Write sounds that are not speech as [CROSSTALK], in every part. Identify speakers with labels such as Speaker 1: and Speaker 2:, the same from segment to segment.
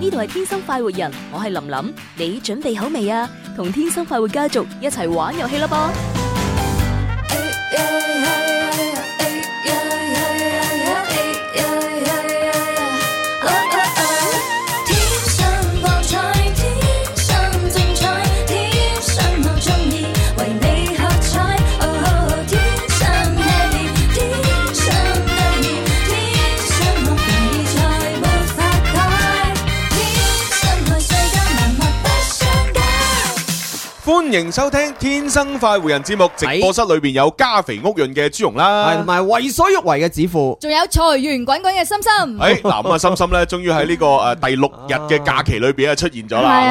Speaker 1: 呢度係天生快活人，我係林琳，你準備好未啊？同天生快活家族一齊玩遊戲啦噃！
Speaker 2: 歡迎收聽《天生快活人》節目，直播室裏邊有家肥屋潤嘅朱蓉啦，係同埋為所欲為嘅子富，
Speaker 3: 仲有財源滾滾嘅心心。誒，嗱咁
Speaker 2: 啊，心心咧，終於喺呢個誒第六日嘅假期裏邊啊，出現咗啦。係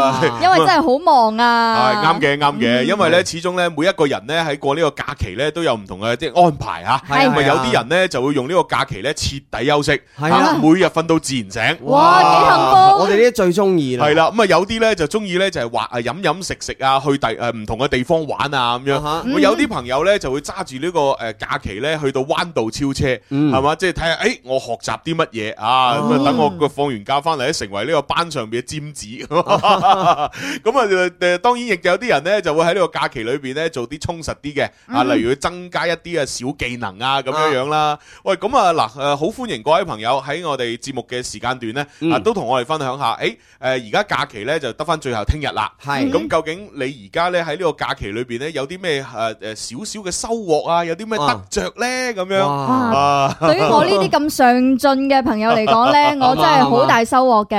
Speaker 2: 啊，因為真係
Speaker 3: 好忙啊。係啱
Speaker 2: 嘅，啱嘅，因為咧，始終咧，每一個人咧喺過呢個假期咧，都有唔同嘅即係安排吓。係，咁咪有啲人咧就會用呢個假期咧徹底休息，吓每日瞓到自然醒。哇，幾幸福！我哋呢啲最中意啦。係啦，咁啊有啲咧就中意咧就係話啊飲飲食食啊。啊，去第誒唔同嘅地方玩啊咁樣，uh huh. 我有啲朋友咧就會揸住呢個誒假期咧去到彎道超車，係嘛、uh？即係睇下，誒、就是欸、我學習啲乜嘢啊？咁、uh huh. 等我個放完假翻嚟，成為呢個班上面嘅尖子。咁 [LAUGHS] 啊、uh huh. 當然亦有啲人咧就會喺呢個假期裏面咧做啲充實啲嘅啊，例如去增加一啲嘅小技能啊咁樣樣啦。Uh huh. 喂，咁啊嗱好歡迎各位朋友喺我哋節目嘅時間段咧啊，uh huh. 都同我哋分享下，誒而家假期咧就得翻最後聽日啦。係、uh，咁、huh. 究竟？你而家咧喺呢個假期裏邊咧，有啲咩誒誒少少嘅收穫啊？有啲咩得著咧咁樣？對於我呢啲
Speaker 3: 咁上進嘅朋友嚟講咧，我真係好大收穫嘅。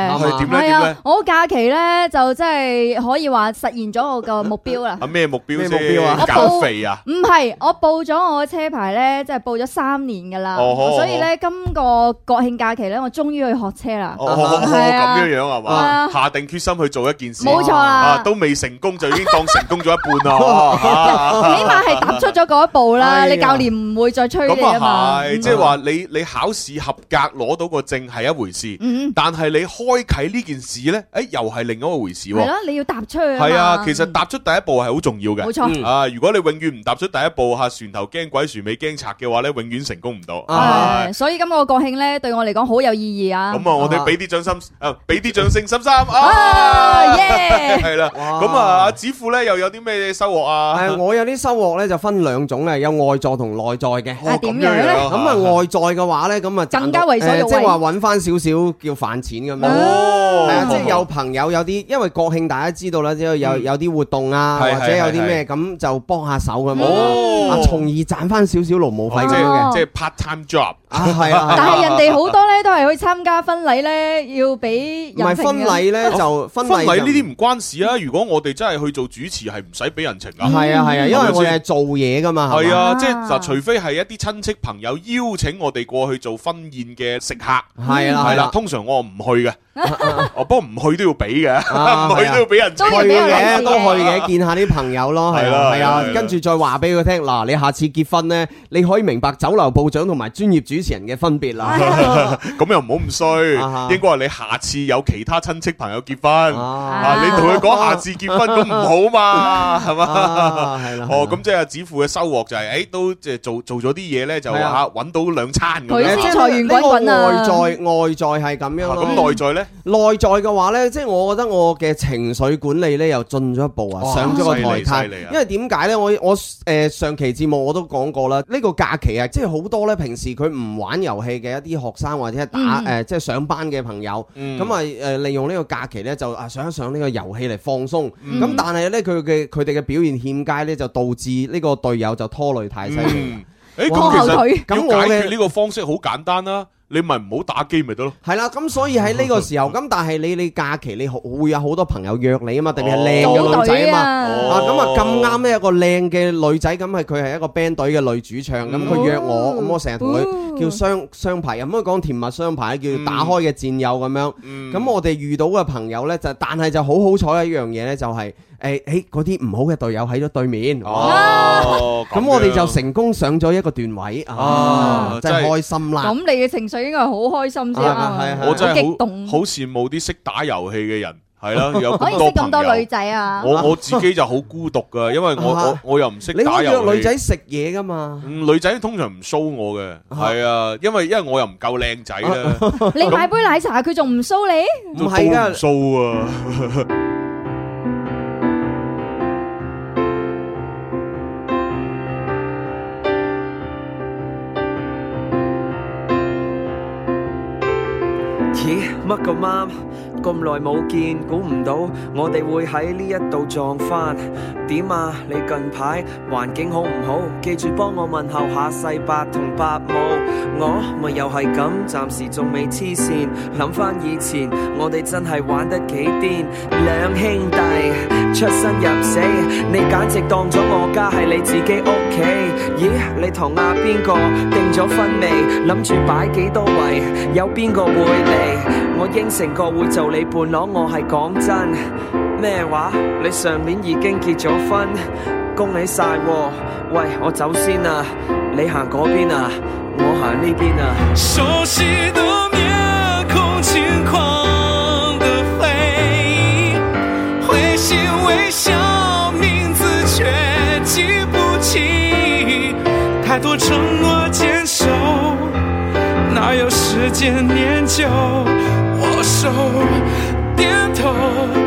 Speaker 3: 係啊，我假期咧就真係可以話實現咗我個目標啦。係咩
Speaker 2: 目標？咩目標啊？減肥啊？唔
Speaker 3: 係，我報咗我嘅車牌咧，即係報咗三年㗎啦。所以咧，今個國慶假期咧，我終於去學車啦。係
Speaker 2: 啊，咁樣樣係嘛？下定決心去做一件事，冇錯啦，都未成功就～已經當成功咗一半啦，起碼係踏出
Speaker 3: 咗嗰一步啦。你教練唔會再催你嘛？即係話
Speaker 2: 你你考試合格攞到個證係一回事，但係你開啟呢件事咧，誒又係另一回事。係咯，
Speaker 3: 你要踏出去啊。係啊，其實
Speaker 2: 踏出第一步係好重要嘅。冇錯啊！如果你永遠唔踏出第一步，吓船頭驚鬼船尾驚賊嘅話咧，永遠成功唔到。係，
Speaker 3: 所以今個國慶咧，對我嚟講好有意義啊。咁啊，我哋
Speaker 2: 俾啲掌聲啊，俾啲掌聲，心心啊，係啦，咁啊。似乎咧又有啲咩收穫啊？啊，我
Speaker 4: 有啲收穫咧就分兩種，咧，有外在同內在嘅。係點樣咧？咁啊外在嘅話咧，咁啊增加為所欲為，即係話揾翻少少叫飯錢咁樣。哦，啊，即係有朋友有啲，因為國慶大家知道啦，即係有有啲活動啊，或者有啲咩咁就幫下手嘅，哦，從而賺翻少少勞務費咁樣嘅，即係
Speaker 2: part time job 啊，係啊。但係人哋好多
Speaker 3: 咧都係去參加婚禮咧，要俾
Speaker 2: 唔係婚禮咧就婚禮呢啲唔關事啊。如果我哋真係去。去做主持係唔使俾人情噶，係啊係啊，因為我哋係
Speaker 4: 做嘢噶嘛，係啊，
Speaker 2: 即係嗱，除非係一啲親戚朋友邀請我哋過去做婚宴嘅食客，係啦係啦，通常我唔去嘅，哦，不過唔去都要俾嘅，唔去都要俾
Speaker 4: 人。中意俾嘅都去嘅，見下啲朋友咯，係啦，係啊，跟住再話俾佢聽嗱，你下次結婚咧，你可以明白酒樓部長同埋專業主持人嘅分別啦。
Speaker 2: 咁又唔好唔衰，應該話你下次有其他親戚朋友結婚，啊，你同佢講下次結婚咁。唔好嘛，係嘛？係啦。哦，咁即係子父嘅收穫就係，誒，都即係做做咗啲嘢咧，就嚇揾到兩餐。咁樣財源滾滾啊！外在外在係
Speaker 4: 咁樣。咁內在咧？內在嘅話咧，即係我覺得我嘅情緒管理咧又進咗一步啊，上咗個台階。因為點解咧？我我誒上期節目我都講過啦，呢個假期啊，即係好多咧平時佢唔玩遊戲嘅一啲學生或者係打誒即係上班嘅朋友，咁啊誒利用呢個假期咧就啊上一上呢個遊戲嚟放鬆。咁但但係咧，佢嘅佢哋嘅表現欠佳咧，就導致呢個隊友就拖累太犀
Speaker 2: 利。誒，咁其實咁解決呢個方式好簡單啦，你咪唔好打機咪得咯。係啦，咁所以喺呢個時候，咁
Speaker 4: 但係你你假期你會有好多朋友約你啊嘛，定係靚嘅女仔啊嘛。咁啊咁啱咧，一個靚嘅女仔咁係佢係一個 band 隊嘅女主唱，咁佢約我，咁我成日同佢叫雙雙排啊，咁啊講甜蜜雙排，叫打開嘅戰友咁樣。咁我哋遇到嘅朋友咧，就但係就好好彩一樣嘢咧，就係。誒誒，嗰啲唔好嘅隊友喺咗對面，哦，咁我哋就成功上咗一個段位，啊，
Speaker 2: 真係開心啦！咁
Speaker 3: 你嘅情緒應該係好開心先啊，我真係激動，
Speaker 2: 好羨慕啲識打遊戲嘅人，係啦，識咁多女
Speaker 3: 仔啊！我我
Speaker 2: 自己就好孤獨噶，因為我我我又唔識打遊戲，你約女仔
Speaker 4: 食嘢噶嘛，
Speaker 2: 女仔通常唔騷我嘅，係啊，因為因為我又唔夠靚仔啦。
Speaker 3: 你買杯奶茶，佢仲唔騷你？
Speaker 5: 唔係噶，
Speaker 2: 騷啊！
Speaker 4: 乜咁啱？咁耐冇見，估唔到我哋會喺呢一度撞翻。點
Speaker 6: 啊？你近排環境好唔好？記住幫我問候下世伯同伯母。我咪又係咁，暫時仲未黐線。諗翻以前，我哋真係玩得幾癲。兩兄弟出生入死，你
Speaker 4: 簡直當咗我家係你自己屋企。咦？你同阿邊個訂咗婚未？諗住擺幾多圍？有邊個會嚟？我應承過會
Speaker 6: 做你伴郎，我係講真。咩話？你上面,已經結咗婚？
Speaker 4: 恭喜晒。喂，我走先啊，你行嗰邊啊，我行呢邊啊。
Speaker 7: 熟悉的面孔，輕狂的回憶，會心微笑，名字卻記不起，太多承諾堅守，哪有時間念舊，握手點頭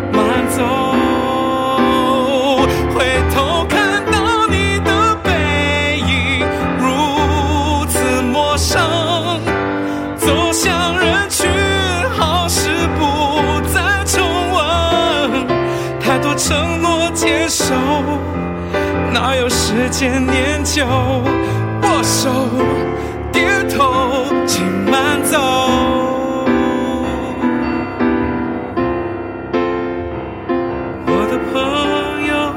Speaker 7: 太多承諾接受，堅守哪有時間念舊？握手，點頭，請慢走。我的朋友，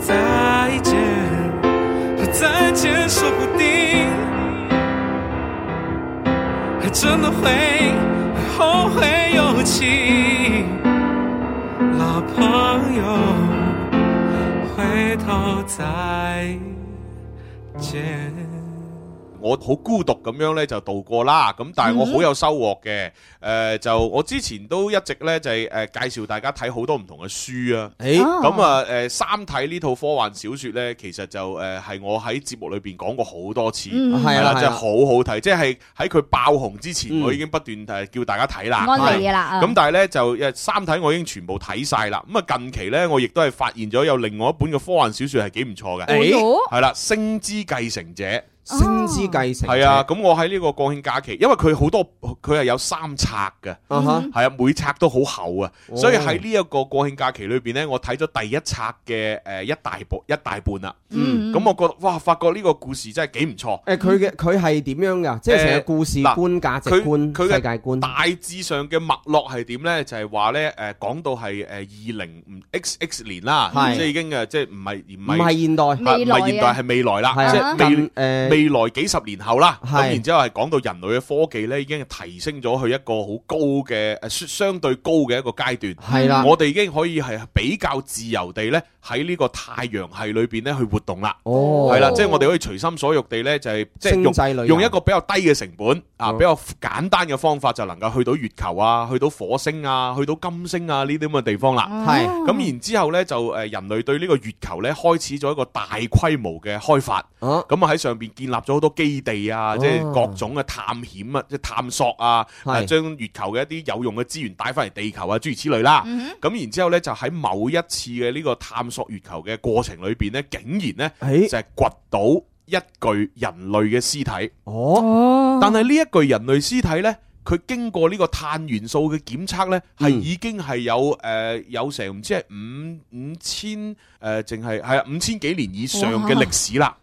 Speaker 7: 再見，和再見說不定還真的會後會有期。朋友，回頭再見。啊
Speaker 2: 我好孤獨咁樣咧，就度過啦。咁但係我好有收穫嘅。誒，就我之前都一直咧就係誒介紹大家睇好多唔同嘅書啊。咁啊，誒《三體》呢套科幻小說咧，其實就誒係我喺節目裏邊講過好多次，係啦，即係好好睇，即係喺佢爆紅之前，我已經不斷叫大家睇啦。安利嘅啦。咁但係咧就《三體》，我已經全部睇晒啦。咁啊，近期咧我亦都係發現咗有另外一本嘅科幻小說係幾唔錯嘅。係啦，《星之繼承者》。星之繼承係啊，咁我喺呢個國慶假期，因為佢好多，佢係有三冊嘅，係啊，每冊都好厚啊，所以喺呢一個國慶假期裏面咧，我睇咗第一冊嘅一大半一大半啦。咁我覺得哇，發覺呢個故事真係幾唔錯。誒，佢
Speaker 4: 嘅佢係點樣㗎？即係成個故事觀、價值觀、世界觀大
Speaker 2: 致上嘅脈絡係點咧？就係話咧誒，講到係二零唔 X X 年啦，即係已經即係唔係唔係現代，唔係現代係未來啦，即未來幾十年後啦，咁然之後係講到人類嘅科技咧，已經提升咗去一個好高嘅誒相對高嘅一個階段。係啦的，我哋已經可以係比較自由地呢喺呢個太陽系裏邊呢去活動啦。哦，係啦，即係我哋可以隨心所欲地呢、就係，就係即係用，用一個比較低嘅成本啊，哦、比較簡單嘅方法，就能夠去到月球啊，去到火星啊，去到金星啊呢啲咁嘅地方啦。係、哦，咁然之後呢，就誒人類對呢個月球呢開始咗一個大規模嘅開發。啊、哦，咁啊喺上邊。建立咗好多基地啊，即係各種嘅探險啊，即係探索啊，將是、啊、月球嘅一啲有用嘅資源帶翻嚟地球啊，諸如此類啦、啊。咁、嗯、哼然之後咧，就喺某一次嘅呢個探索月球嘅過程裏邊咧，竟然咧、欸、就係掘到一具人類嘅屍體。哦，但係呢一具人類屍體咧，佢經過呢個碳元素嘅檢測咧，係已經係有誒、嗯呃、有成唔知係五五千誒定係係啊五千幾年以上嘅歷史啦。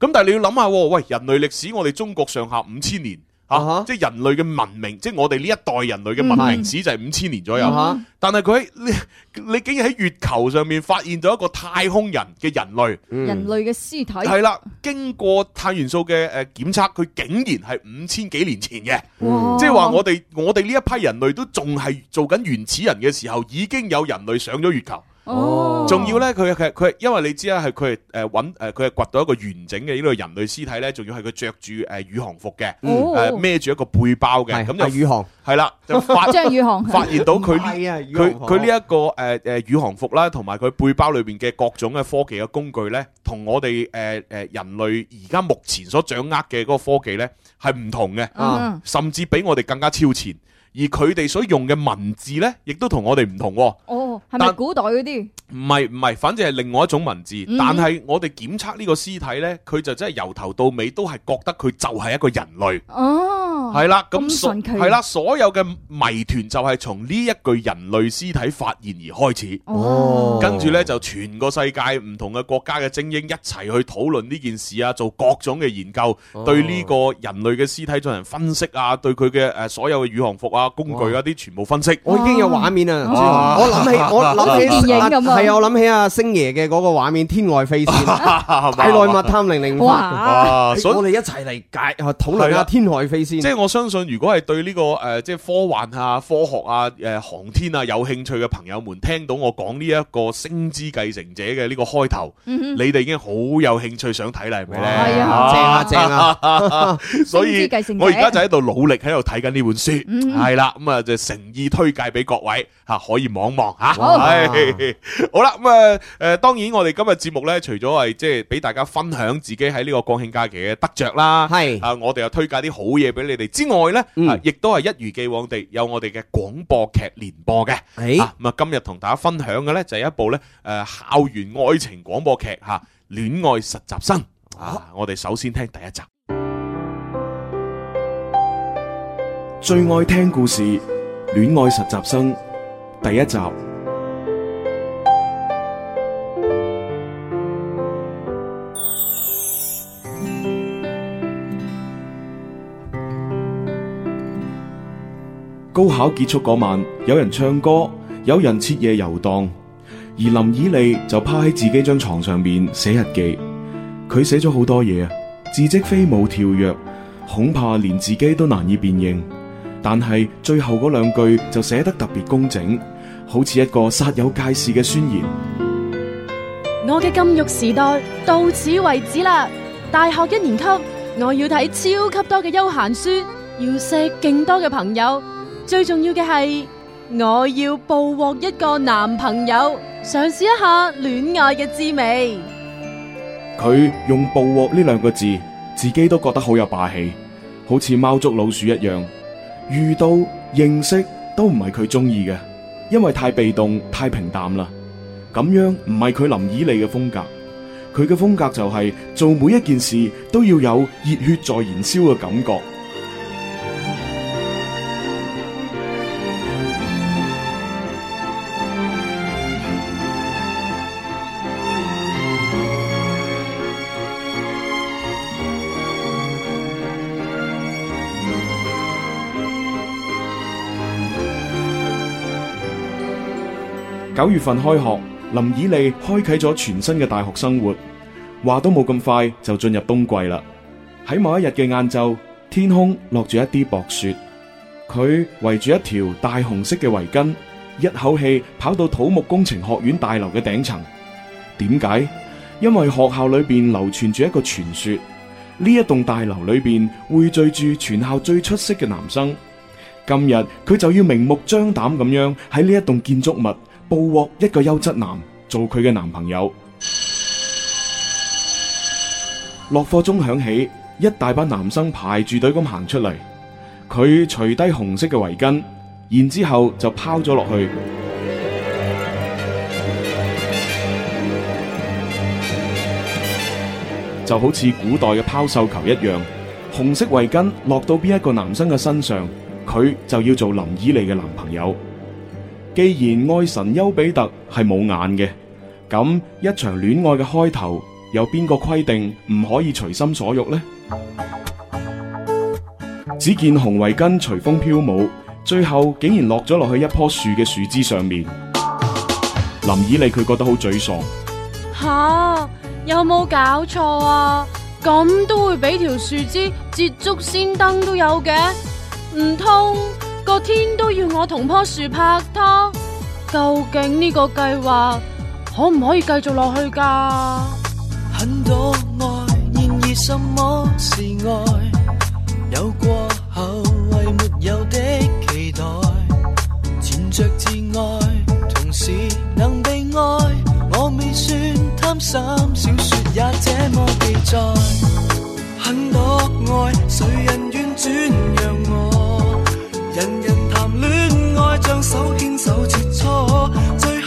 Speaker 2: 咁但係你要諗下，喂，人類歷史我哋中國上下五千年，uh huh. 即係人類嘅文明，即係我哋呢一代人類嘅文明史就係五千年左右。Uh huh. 但係佢你你竟然喺月球上面發現咗一個太空人嘅人類，uh huh. 人
Speaker 3: 類嘅屍體係啦，
Speaker 2: 經過碳元素嘅誒檢測，佢竟然係五千幾年前嘅，uh huh. 即係話我哋我哋呢一批人類都仲係做緊原始人嘅時候，已經有人類上咗月球。哦，仲要咧，佢佢佢，因為你知啦，係佢係誒揾誒，佢係掘到一個完整嘅呢個人類屍體咧，仲要係佢着住誒宇航服嘅，誒孭住一個背包嘅，咁、嗯、就宇、啊、航係啦，就發張宇 [LAUGHS] 航發現到佢，
Speaker 3: 佢
Speaker 6: 佢呢一
Speaker 2: 個誒誒宇航服啦，同埋佢背包裏邊嘅各種嘅科技嘅工具咧，同我哋誒誒人類而家目前所掌握嘅嗰個科技咧係唔同嘅，嗯、甚至比我哋更加超前。而佢哋所用嘅文字咧，亦都同我哋唔同。哦，
Speaker 3: 係咪古代嗰啲？
Speaker 2: 唔係唔係，反正係另外一種文字。但係我哋檢測呢個屍體咧，佢就真係由頭到尾都係覺得佢就係一個人類。
Speaker 5: 哦，係啦，咁神奇，係啦，所
Speaker 2: 有嘅謎團就係從呢一具人類屍體發現而開始。哦，跟住咧就全個世界唔同嘅國家嘅精英一齊去討論呢件事啊，做各種嘅研究，對呢個人類嘅屍體進行分析啊，對佢嘅誒所有嘅宇航服啊。啊！工具一啲全部分析，我已經有畫面啊！我諗起我諗起電影咁係啊！我
Speaker 4: 諗起阿星爺嘅嗰個畫面，《天外飛仙》、《大內密探
Speaker 2: 零零》，哇！我哋一齊嚟解討論下《天外飛仙》。即係我相信，如果係對呢個誒，即係科幻啊、科學啊、誒、航天啊有興趣嘅朋友們，聽到我講呢一個《星之繼承者》嘅呢個開頭，你哋已經好有興趣想睇啦，係咪咧？係啊，正啊，正啊！所以，我而家就喺度努力喺度睇緊呢本書。係啦，咁啊就誠意推介俾各位吓，可以望一望吓。好啦，咁啊誒，當然我哋今日節目咧，除咗係即係俾大家分享自己喺呢個國慶假期嘅得着啦，係啊，我哋又推介啲好嘢俾你哋之外咧，亦都係一如既往地有我哋嘅廣播劇連播嘅。係咁啊，今日同大家分享嘅咧就係一部咧誒校園愛情廣播劇吓，戀愛實習生啊，我哋首先聽第一集。最愛聽故事，戀愛實習生第一集。高考結束嗰晚，有人唱歌，有人徹夜遊蕩，而林以莉就趴喺自己張床上面寫日記。佢寫咗好多嘢，字跡飛舞跳躍，恐怕連自己都難以辨認。但係最後嗰兩句就寫得特別工整，好似一個煞有介事嘅宣言。
Speaker 8: 我嘅禁慾時代到此為止啦！大學一年級，我要睇超級多嘅休閒書，要識勁多嘅朋友，最重要嘅係我要捕獲一個男朋友，嘗試一下戀愛嘅滋味。
Speaker 2: 佢用捕獲呢兩個字，自己都覺得好有霸氣，好似貓捉老鼠一樣。遇到認識都唔係佢鍾意嘅，因為太被動太平淡啦，咁樣唔係佢林以利嘅風格。佢嘅風格就係做每一件事都要有熱血在燃燒嘅感覺。九月份開學，林以利開啟咗全新嘅大學生活。話都冇咁快就進入冬季啦。喺某一日嘅晏晝，天空落住一啲薄雪。佢圍住一條大紅色嘅圍巾，一口氣跑到土木工程學院大樓嘅頂層。點解？因為學校裏邊流傳住一個傳說，呢一棟大樓裏邊會聚住全校最出色嘅男生。今日，佢就要明目張膽咁樣喺呢一棟建築物。捕獲一個優質男做佢嘅男朋友。落課鐘響起，一大班男生排住隊咁行出嚟。佢除低紅色嘅圍巾，然之後就拋咗落去，就好似古代嘅拋繡球一樣。紅色圍巾落到邊一個男生嘅身上，佢就要做林以利嘅男朋友。既然愛神丘比特係冇眼嘅，咁一場戀愛嘅開頭，有邊個規定唔可以隨心所欲呢？只見紅圍巾隨風飄舞，最後竟然落咗落去一棵樹嘅樹枝上面。林以麗佢覺得好沮喪。
Speaker 8: 吓、啊，有冇搞錯啊？咁都會俾條樹枝捷足先登都有嘅？唔通？個天都要我同棵樹拍拖，究竟呢個計劃可唔可以繼續落去㗎？很
Speaker 6: 多愛，然而什麼是愛？有過後為沒有的期待，纏着自愛，同時能被愛，我未算貪心，小說也這麼記載。很多愛，誰人願轉讓我？人人談戀愛，像手牽手切磋。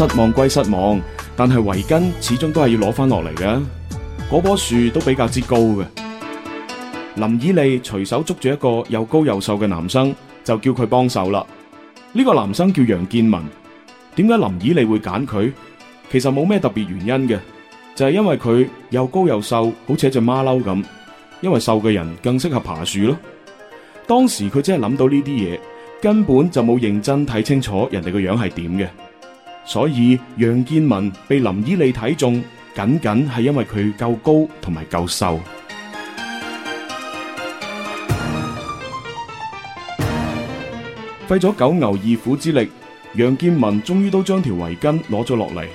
Speaker 2: 失望歸失望，但係圍巾始終都係要攞翻落嚟嘅。嗰棵樹都比較之高嘅。林以利隨手捉住一個又高又瘦嘅男生，就叫佢幫手啦。呢、這個男生叫楊建文。點解林以利會揀佢？其實冇咩特別原因嘅，就係、是、因為佢又高又瘦，好似一隻馬騮咁。因為瘦嘅人更適合爬樹咯。當時佢真係諗到呢啲嘢，根本就冇認真睇清楚人哋個樣係點嘅。所以楊建文被林依莉睇中，僅僅係因為佢夠高同埋夠瘦。費咗 [MUSIC] 九牛二虎之力，楊建文終於都將條圍巾攞咗落嚟。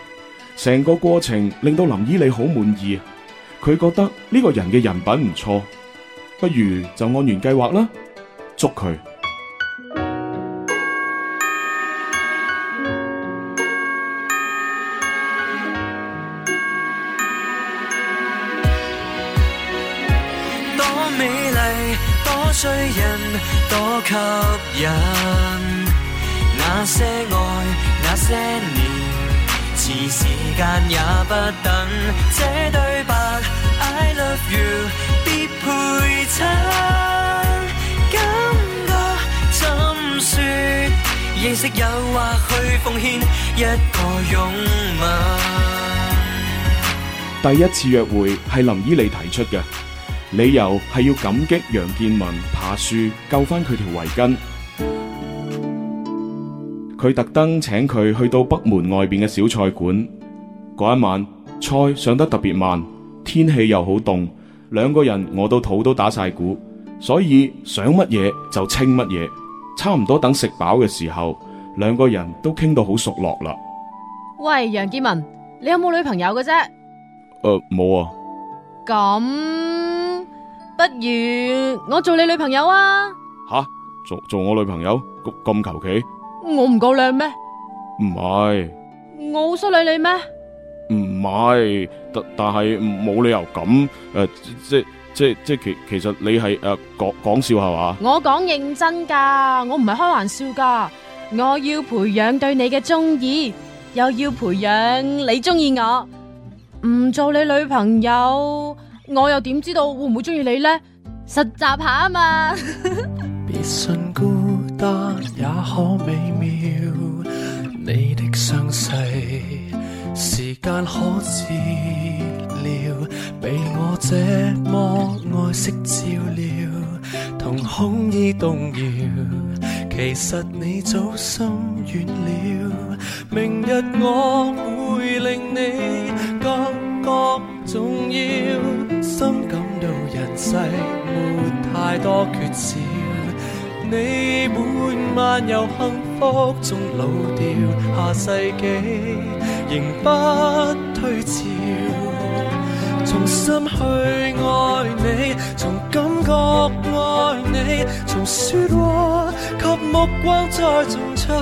Speaker 2: 成個過程令到林依莉好滿意，佢覺得呢個人嘅人品唔錯，不如就按原計劃啦，捉佢。
Speaker 6: 第一
Speaker 2: 次約會係林依莉提出嘅，理由係要感激楊建文爬樹救翻佢條圍巾，佢特登請佢去到北門外面嘅小菜館。嗰一晚菜上得特別慢，天氣又好凍，兩個人餓到肚都打晒鼓，所以想乜嘢就清乜嘢。差唔多等食飽嘅時候，兩個人都傾到好熟絡啦。
Speaker 8: 喂，楊建文，你有冇女朋友嘅啫？
Speaker 2: 誒，冇啊。
Speaker 8: 咁，不如我做你女朋友啊？
Speaker 2: 吓，做做我女朋友咁咁求其？
Speaker 8: 我唔夠靚咩？
Speaker 2: 唔係，
Speaker 8: 我好失禮你咩？
Speaker 2: 係，但但係冇理由咁，誒、呃，即即即即其其實你係誒講講笑係嘛？
Speaker 8: 我講認真噶，我唔係開玩笑噶，我要培養對你嘅中意又要培養你中意我，唔做你女朋友，我又點知道會唔會中意你咧？實習
Speaker 6: 下啊嘛。時間可治療，被我這麼愛惜照料，瞳孔已動搖。其實你早心軟了，明日我會令你感覺重要，心感到人世沒太多缺少，你每晚有幸福中老掉，下世紀。仍不退潮，從心去愛你，從感覺愛你，從說話及目光再種出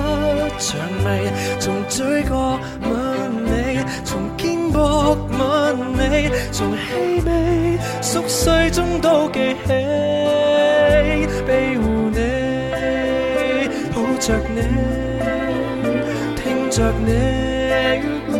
Speaker 6: 薔薇，從嘴角吻你，從肩膊吻你，從氣味熟睡中都記起，庇護你，抱着你，聽着你。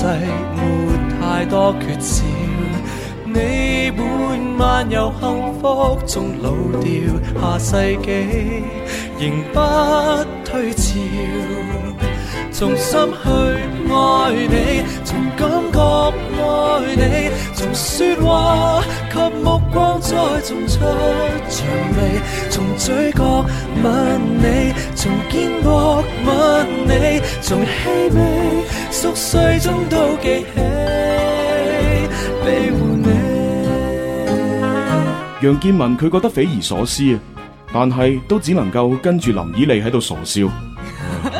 Speaker 6: 世沒太多缺少，你半漫遊幸福中老掉，下世紀仍不退潮。從心去愛你，從感覺愛你，從說話及目光從出場從嘴角問你，從肩膊問你，從你，感目光熟睡中都記起。
Speaker 2: 楊建文，佢覺得匪夷所思啊，但係都只能夠跟住林以利喺度傻笑。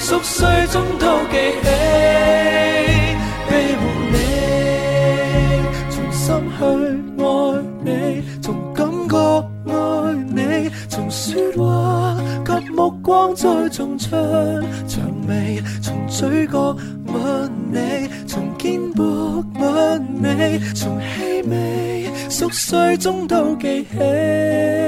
Speaker 6: 熟睡中都記起，庇護你，重新去愛你，從感覺愛你，從說話及目光再重出薔薇，從嘴角吻你，從肩膊吻你，從氣味，熟睡中都記起。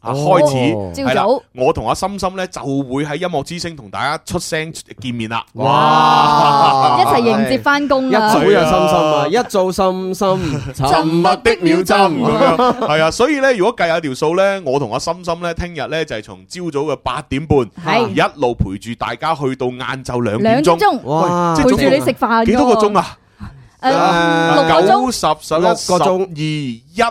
Speaker 2: 開始朝早，我同阿心心咧就會喺音樂之聲同大家出聲見面啦。哇！一齊迎接
Speaker 3: 翻工啦！一早
Speaker 2: 心心啊，一早心心，沉默的秒針咁樣。係啊，所以咧，如果計下條數咧，我同阿心心咧，聽日咧就係從朝早嘅八點半，係一路陪住大家去到晏晝兩點鐘。兩點鐘哇！即係陪住你食飯，幾多個鐘啊？
Speaker 5: 誒，九、十、十一、個鐘
Speaker 2: 二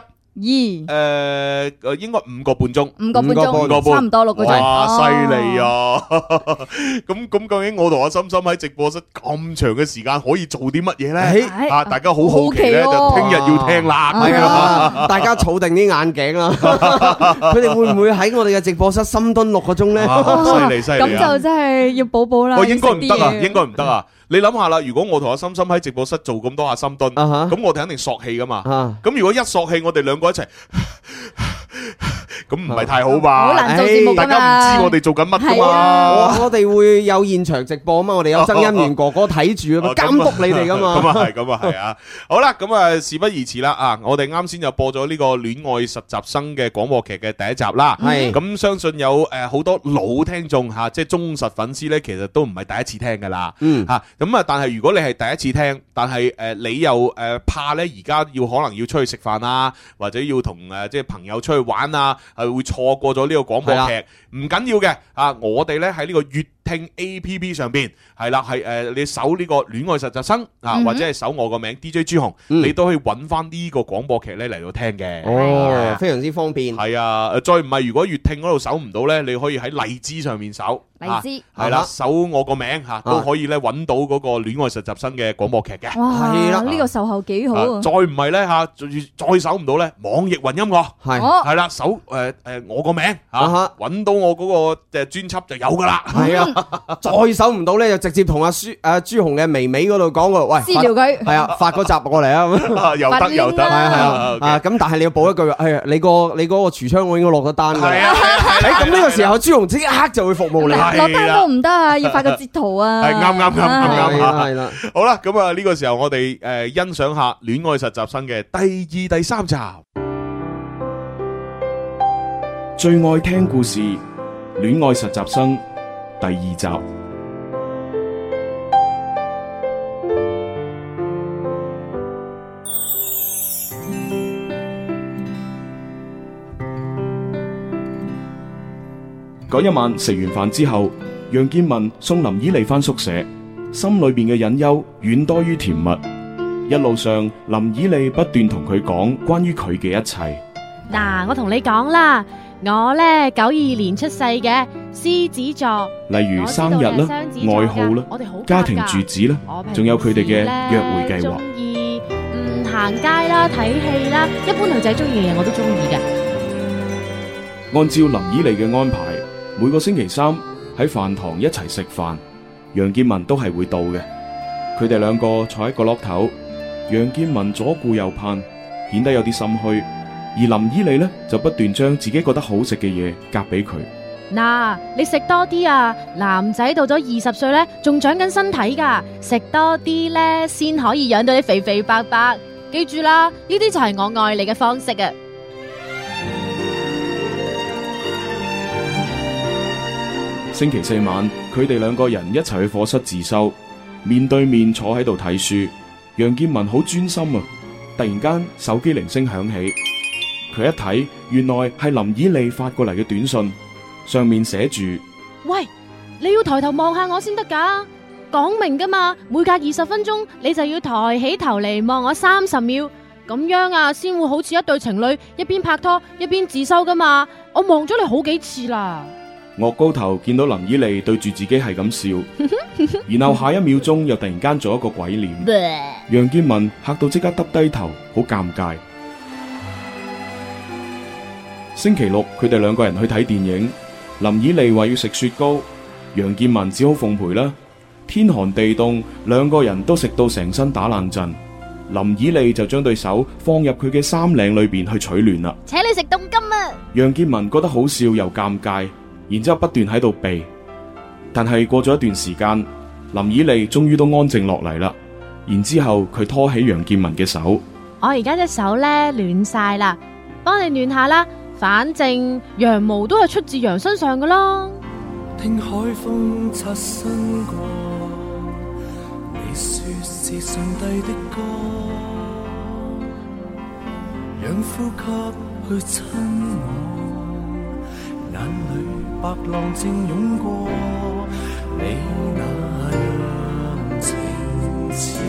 Speaker 2: 一。二誒誒，應該五個半鐘，五個半鐘，差唔多六個鐘。哇，犀利啊！咁咁究竟我同阿心心喺直播室咁長嘅時間可以做啲乜嘢咧？啊，大家好好奇咧，就聽日要聽啦。大家儲定啲眼
Speaker 4: 鏡啊！佢哋會唔會喺我哋嘅直播室深蹲六個鐘咧？犀利犀利啊！咁就真係要補補啦。我應該唔得啊，應
Speaker 2: 該唔得啊。你諗下啦，如果我同阿心心喺直播室做咁多下深蹲，咁、uh huh. 我哋肯定索氣噶嘛。咁、uh huh. 如果一索氣，我哋兩個一齊。 [LAUGHS] 咁唔係太好吧？好難做節目噶啦！大家唔知我哋做緊乜噶嘛？我
Speaker 4: 哋會有現場直播啊嘛！我哋有聲音員哥哥睇住啊嘛！監督你哋噶嘛啊啊、啊 CO,？咁啊係，咁啊係啊！
Speaker 2: 好啦，咁啊事不宜遲啦啊！couleur stats UP 我哋啱先就播咗呢個戀愛實習生嘅廣播劇嘅第一集啦。係咁，相信有誒好多老聽眾嚇，即係忠實粉絲咧，其實都唔係第一次聽噶啦。 [NOISE] 嗯嚇，咁啊，但係如果你係第一次聽，但係誒你又誒怕咧，而家要可能要出去食飯啊，或者要同誒即係朋友出去玩啊。係會錯過咗呢個廣播劇，唔緊要嘅啊！我哋呢喺呢個粵聽 A P P 上邊，係啦、啊，係、啊、你搜呢個《戀愛實習生》啊、嗯哼，或者係搜我個名 D J 朱紅，嗯、你都可以揾翻呢個廣播劇呢嚟到聽嘅。哦，啊、非常之方便。係啊，再唔係如果粵聽嗰度搜唔到呢，你可以喺荔枝上面搜。荔枝係啦，搜我個名吓都可以咧揾到嗰個戀愛實習生嘅廣播劇嘅。係啦，
Speaker 3: 呢個售後幾好。
Speaker 2: 再唔係咧吓，再再搜唔到咧，網易雲音樂係係啦，搜誒誒我個名吓，揾到我嗰個嘅專輯就有噶啦。係啊，再搜唔到
Speaker 4: 咧就直接同阿朱誒朱紅嘅微微嗰度講個喂，私聊佢係啊，發個集過嚟啊，又得又得係啊啊咁，但係你要補一句，係啊，你個你嗰個櫥窗我應該落咗單
Speaker 2: 嘅。係啊係啊，喺咁呢個時候朱紅即刻就會服務你。落單都唔得啊，
Speaker 3: 要發個截圖
Speaker 2: 啊，係，啱啱啱，啱啱係啦，好啦，咁啊呢個時候我哋誒欣賞下《戀愛實習生》嘅第二第三集，最愛聽故事《戀愛實習生》第二集。嗰一晚食完飯之後，楊建文送林依莉翻宿舍，心裏邊嘅隱憂遠多於甜蜜。一路上，林依莉不斷同佢講關於佢嘅一切。
Speaker 8: 嗱，我同你講啦，我咧九二年出世嘅獅子座，
Speaker 2: 例如生日啦、愛好啦、號家庭住址啦，仲有佢哋嘅約會計劃。我平
Speaker 8: 時、嗯、行街啦、睇戲啦，一般女仔中意嘅嘢我都中意嘅。
Speaker 2: 按照林依莉嘅安排。每個星期三喺飯堂一齊食飯，楊建文都係會到嘅。佢哋兩個坐喺個落頭，楊建文左顧右盼，顯得有啲心虛。而林依莉呢，就不斷將自己覺得好食嘅嘢夾俾佢。
Speaker 8: 嗱，你食多啲啊！男仔到咗二十歲呢，仲長緊身體噶，食多啲呢，先可以養到你肥肥白白。記住啦，呢啲就係我愛你嘅方式啊！
Speaker 2: 星期四晚，佢哋兩個人一齊去課室自修，面對面坐喺度睇書。楊建文好專心啊！突然間，手機鈴聲響起，佢一睇，原來係林綺麗發過嚟嘅短信，上面寫住：
Speaker 8: 喂，你要抬頭望下我先得噶，講明噶嘛，每隔二十分鐘你就要抬起頭嚟望我三十秒，咁樣啊，先會好似一對情侶一邊拍拖一邊自修噶嘛。我望咗你好幾次啦。
Speaker 2: 惡高頭見到林以利對住自己係咁笑，
Speaker 5: [LAUGHS] 然後下
Speaker 2: 一秒鐘又突然間做一個鬼臉， [LAUGHS] 楊建文嚇到即刻耷低頭，好尷尬。 [NOISE] 星期六佢哋兩個人去睇電影，林以利話要食雪糕，楊建文只好奉陪啦。天寒地凍，兩個人都食到成身打冷震，林以利就將對手放入佢嘅衫領裏邊去取暖啦。
Speaker 8: 請你食凍金啊！
Speaker 2: 楊建文覺得好笑又尷尬。然之後不斷喺度避，但係過咗一段時間，林以利終於都安靜落嚟啦。然之後佢拖起楊建文嘅手，
Speaker 8: 我而家隻手咧暖晒啦，幫你暖下啦。反正羊毛都係出自羊身上嘅咯。聽海風擦身過，你説是上帝的歌，
Speaker 6: 讓呼吸去親我白浪正湧過，你那樣情痴，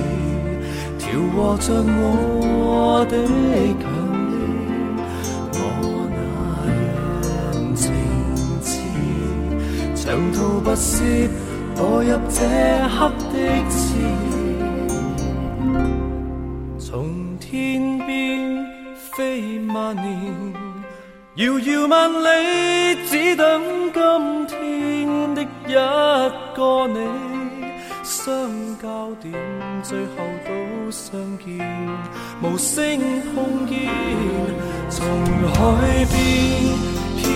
Speaker 6: 調和着我的強烈，我那樣情痴，長途跋涉墮入這刻的痴，從天邊飛萬年。遙遙萬里，只等今天的一個你。相交點，最後都相見，無聲空見。從海邊飄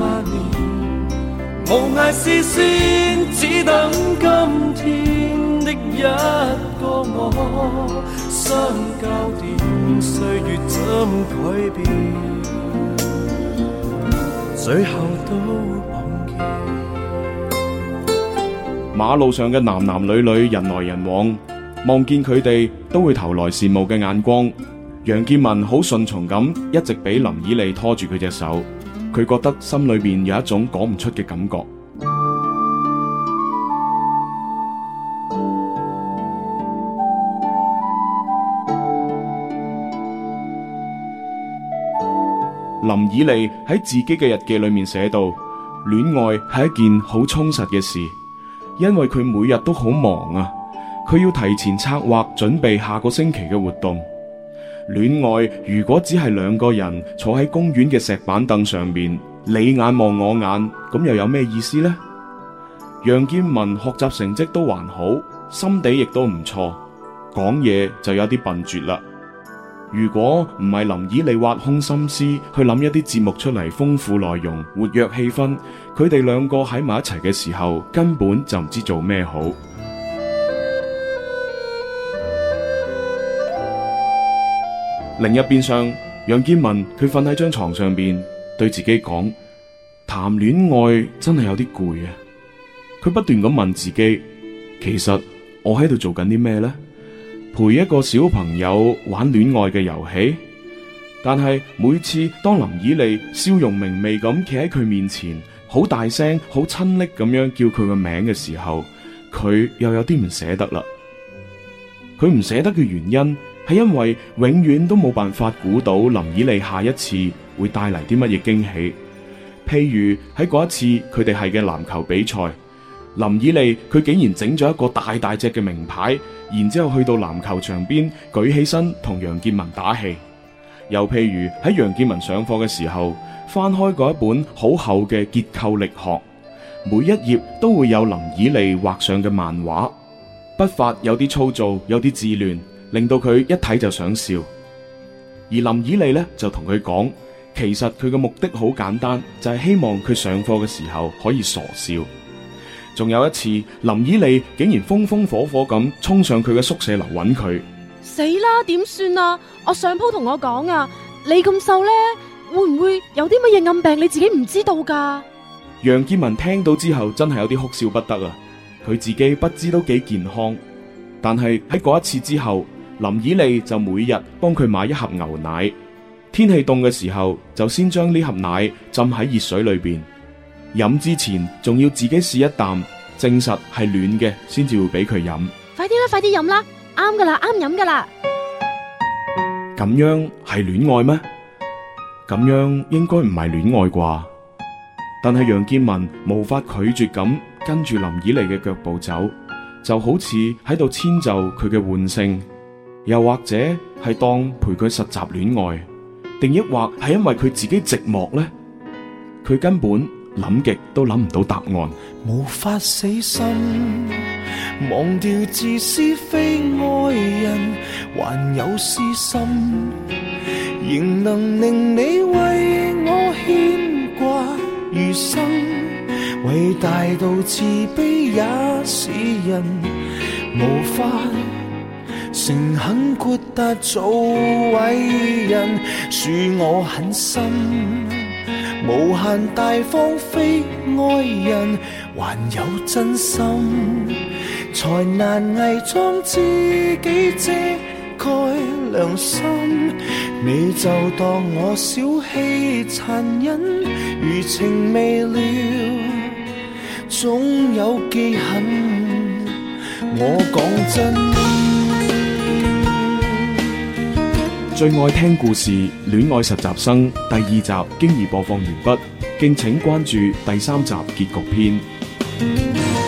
Speaker 6: 萬年，無涯視線，只等今天的一個我。相交點，歲月怎改變？
Speaker 2: 最後都忘記馬路上嘅男男女女，人來人往，望見佢哋都會投來羨慕嘅眼光。楊建文好順從咁，一直畀林綺利拖住佢隻手，佢覺得心裏面有一種講唔出嘅感覺。林以利喺自己嘅日記裏面寫到：「戀愛係一件好充實嘅事，因為佢每日都好忙啊，佢要提前策劃準備下個星期嘅活動。戀愛如果只係兩個人坐喺公園嘅石板凳上面，你眼望我眼，咁又有咩意思呢？」楊建文學習成績都還好，心地亦都唔錯，講嘢就有啲笨拙啦。如果唔係林以麗挖空心思去諗一啲節目出嚟豐富內容、活躍氣氛，佢哋兩個喺埋一齊嘅時候根本就唔知做咩好。另一邊上，楊建文佢瞓喺張床上邊，對自己講：「談戀愛真係有啲攰啊！」佢不斷咁問自己：「其實我喺度做緊啲咩呢？」陪一個小朋友玩戀愛嘅遊戲，但係每次當林以莉笑容明媚咁企喺佢面前，好大聲、好親昵咁樣叫佢個名嘅時候，佢又有啲唔捨得啦。佢唔捨得嘅原因係因為永遠都冇辦法估到林以莉下一次會帶嚟啲乜嘢驚喜，譬如喺嗰一次佢哋係嘅籃球比賽。林以利佢竟然整咗一個大大隻嘅名牌，然之後去到籃球場邊舉起身同楊建文打氣。又譬如喺楊建文上課嘅時候，翻開嗰一本好厚嘅結構力學，每一頁都會有林以利畫上嘅漫畫，筆法有啲粗糙，有啲自亂，令到佢一睇就想笑。而林以利呢，就同佢講，其實佢嘅目的好簡單，就係、是、希望佢上課嘅時候可以傻笑。仲有一次，林以利竟然風風火火咁衝上佢嘅宿舍樓揾佢。
Speaker 8: 死啦！點算啊？我上鋪同我講啊，你咁瘦呢，會唔會有啲乜嘢暗病？你自己唔知道㗎？
Speaker 2: 楊建文聽到之後真係有啲哭笑不得啊！佢自己不知都幾健康，但係喺嗰一次之後，林以利就每日幫佢買一盒牛奶，天氣凍嘅時候就先將呢盒奶浸喺熱水裏邊。飲之前仲要自己試一啖，證實係暖嘅先至會俾佢飲。
Speaker 8: 快啲啦，快啲飲啦，啱噶啦，啱飲噶啦。
Speaker 2: 咁樣係戀愛咩？咁樣應該唔係戀愛啩？但係楊建文無法拒絕咁跟住林以莉嘅腳步走，就好似喺度遷就佢嘅玩性，又或者係當陪佢實習戀愛，定抑或係因為佢自己寂寞咧？佢根本。諗極都諗唔到答案，
Speaker 6: 無法死心，忘掉自私非愛人，還有私心，仍能令你為我牽掛餘生。偉大到自卑也是人，無法誠懇豁達做偉人，恕我狠心。無限大方非愛人，還有真心，才難偽裝自己，遮蓋良心。你就當我小氣殘忍，餘情未了總有記恨。我講真。
Speaker 2: 最愛聽故事《戀愛實習生》第二集，經已播放完畢，敬請關注第三集結局篇。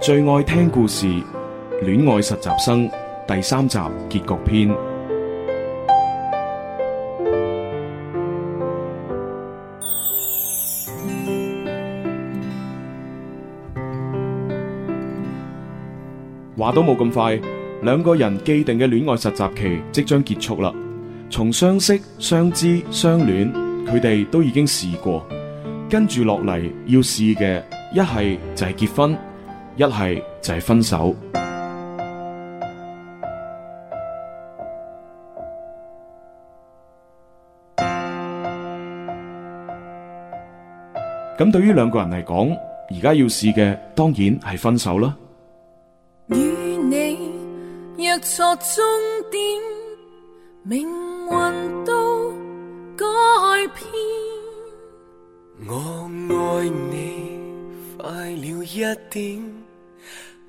Speaker 2: 最愛聽故事《戀愛實習生》第三集結局篇。話都冇咁快，兩個人既定嘅戀愛實習期即將結束啦。從相識、相知、相戀，佢哋都已經試過，跟住落嚟要試嘅一係就係結婚。一係就係分手。咁對於兩個人嚟講，而家要試嘅當然係分手啦。
Speaker 1: 與你約錯終點，
Speaker 6: 命運都改變。我愛你，快了一點。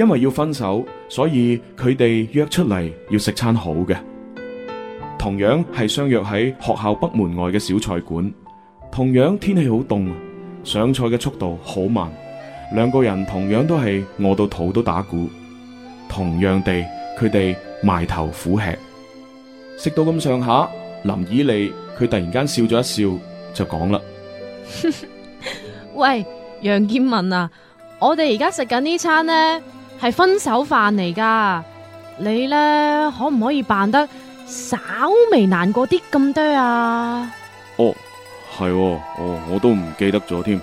Speaker 2: 因為要分手，所以佢哋約出嚟，要食餐好嘅。同樣係相約喺學校北門外嘅小菜館，同樣天氣好凍，上菜嘅速度好慢。兩個人同樣都係餓到肚都打鼓，同樣地佢哋埋頭苦吃，食到咁上下。林以莉佢突然間笑咗一笑，就講啦：，
Speaker 8: [LAUGHS] 喂，楊建文啊，我哋而家食緊呢餐呢。」係分手飯嚟噶，你呢？可唔可以扮得稍微難過啲咁多啊？
Speaker 2: 哦，係、哦，哦，我都唔記得咗添。誒、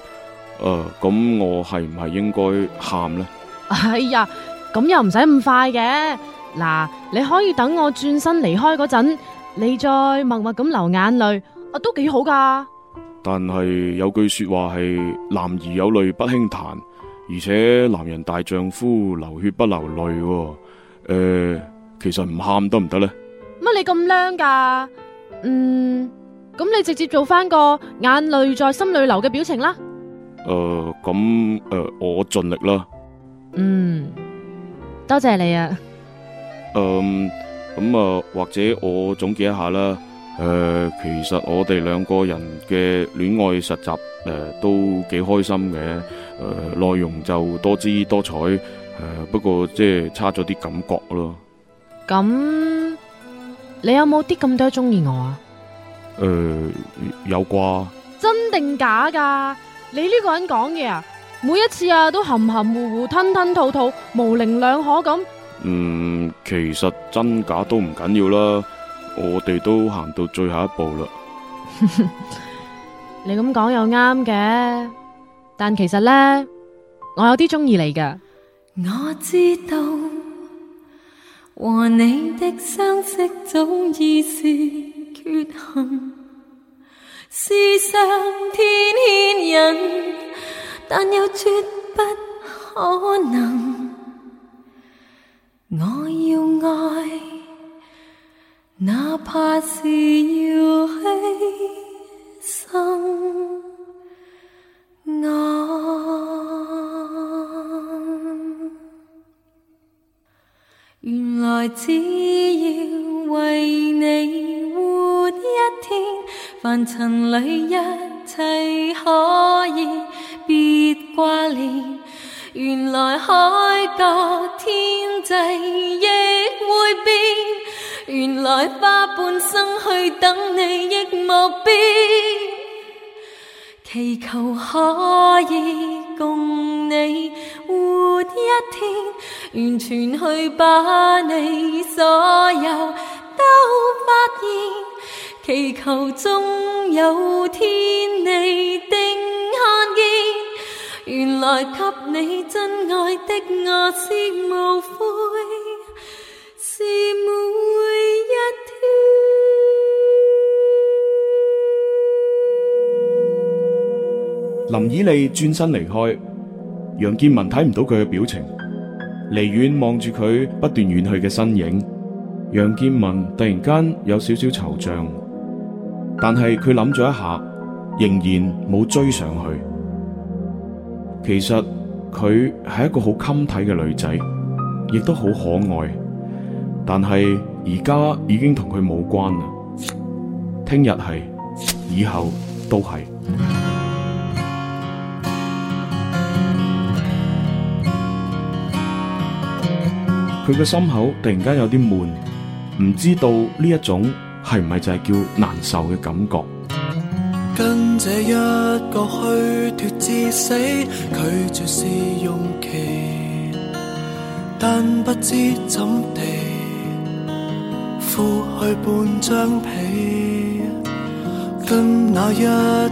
Speaker 2: 呃，咁我係唔係應該喊呢？
Speaker 8: 哎呀，咁又唔使咁快嘅。嗱，你可以等我轉身離開嗰陣，你再默默咁流眼淚，啊，都幾好噶。
Speaker 2: 但係有句說話係男兒有淚不輕彈。而且男人大丈夫流血不流淚，誒、呃，其實唔喊得唔得咧？乜
Speaker 8: 你咁靚噶？嗯，咁你直接做翻個眼淚在心裏流嘅表情啦。
Speaker 2: 誒、呃，咁誒、呃，我盡力啦。嗯，
Speaker 8: 多謝你
Speaker 2: 啊。嗯、呃，咁啊，或者我總結一下啦。誒、呃，其實我哋兩個人嘅戀愛實習誒、呃，都幾開心嘅。誒，內、呃、容就多姿多彩，誒、呃，不過即係差咗啲感覺咯。
Speaker 8: 咁、嗯、你有冇啲咁多中意我啊？
Speaker 2: 誒、呃，有啩？
Speaker 8: 真定假噶你呢個人講嘢啊，每一次啊都含含糊糊、吞吞吐吐、模棱兩可咁。嗯，
Speaker 2: 其實真假都唔緊要啦，我哋都行到最後一步啦。
Speaker 8: [LAUGHS] 你咁講又啱嘅。但其實呢，我有啲中意你噶。我知道和你的相識早
Speaker 1: 已是缺陷，是上天牽引，但又絕不可能。我要愛，哪怕是要犧牲。我原來只要為你活一天，凡塵裏一切可以別掛念。原來海角天際亦會變，原來花半生去等你亦無變。祈求可以共你活一天，完全去把你所有都發現。祈求終有天你定看見，原來給你真愛的我，是無悔，是每一天。
Speaker 2: 林以利轉身離開，楊建文睇唔到佢嘅表情，離遠望住佢不斷遠去嘅身影。楊建文突然間有少少惆悵，但係佢諗咗一下，仍然冇追上去。其實佢係一個好襟睇嘅女仔，亦都好可愛，但係而家已經同佢冇關啦。聽日係，以後都係。佢嘅心口突然間有啲悶，唔知道呢一種係唔係就係叫難受嘅感覺。
Speaker 6: 跟這一個虛脱至死，拒絕試用期，但不知怎地敷去半張被，跟那一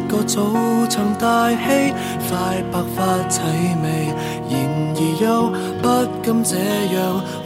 Speaker 6: 個早場大戲，快白髮齊眉，然而又不甘這樣。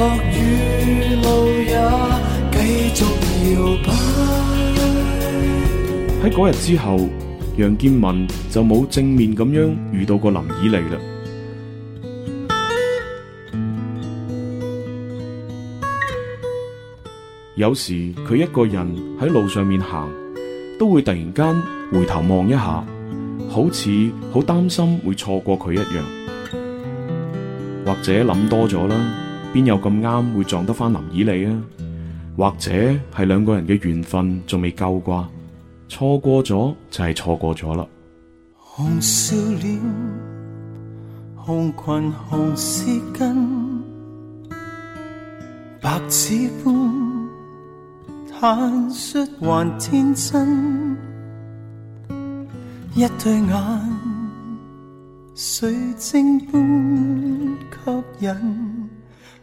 Speaker 6: 落雨路也繼續搖
Speaker 5: 擺。
Speaker 2: 喺嗰日之後，楊建文就冇正面咁樣遇到過林以麗嘞。有時佢一個人喺路上面行，都會突然間回頭望一下，好似好擔心會錯過佢一樣，或者諗多咗啦。邊有咁啱會撞得翻林耳你啊？或者係兩個人嘅緣分仲未夠啩？錯過咗就係錯過咗啦。
Speaker 7: 紅笑臉，紅裙紅
Speaker 6: 絲巾，白紙般坦率還天真，一對眼水晶般吸引。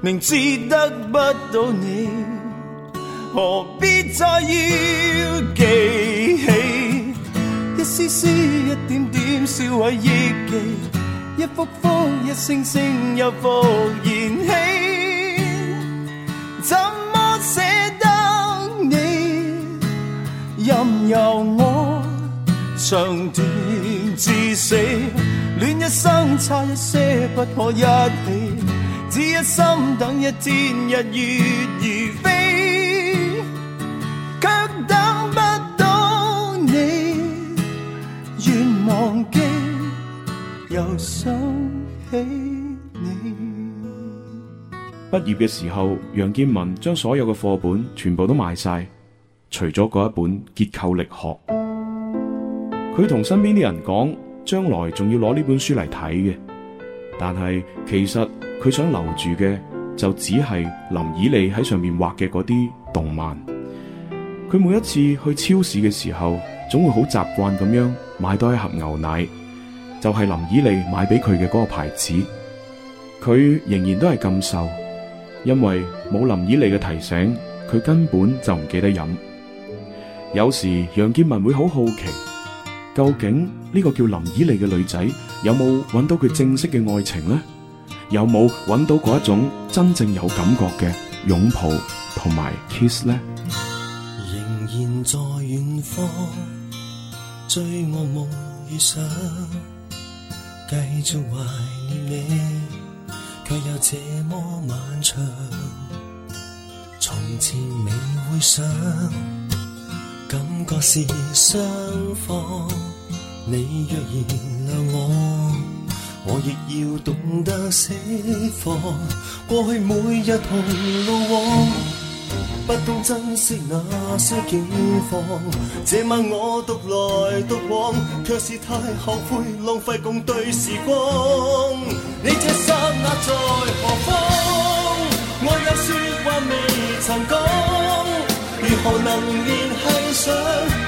Speaker 6: 明知得不到你，何必再要記起？一絲絲、一點點，燒毀憶記；一幅幅、一聲聲，又復燃起。怎麼捨得你？任由我長斷至死，戀一生差一些，不可一起。畢業嘅
Speaker 2: 時候，楊建文將所有嘅課本全部都賣晒，除咗嗰一本結構力學，佢同身邊啲人講，將來仲要攞呢本書嚟睇嘅，但係其實。佢想留住嘅就只係林以利喺上面畫嘅嗰啲動漫。佢每一次去超市嘅時候，總會好習慣咁樣買多一盒牛奶，就係林以利買俾佢嘅嗰個牌子。佢仍然都係咁瘦，因為冇林以利嘅提醒，佢根本就唔記得飲。有時楊建文會好好奇，究竟呢個叫林以利嘅女仔有冇揾到佢正式嘅愛情呢？有冇揾到過一種真正有感覺嘅擁抱同埋 kiss 呢？
Speaker 6: 仍然在遠方追我夢遇上，繼續懷念你，卻又這麼漫長。從前未會想，感覺是雙方。你若燃亮我。我亦要懂得釋放，過去每日同路往，不懂珍惜那些景況。這晚我獨來獨往，卻是太後悔浪費共對時光。 [NOISE] 你這剎那在何方？我有說話未曾講，如何能聯繫上？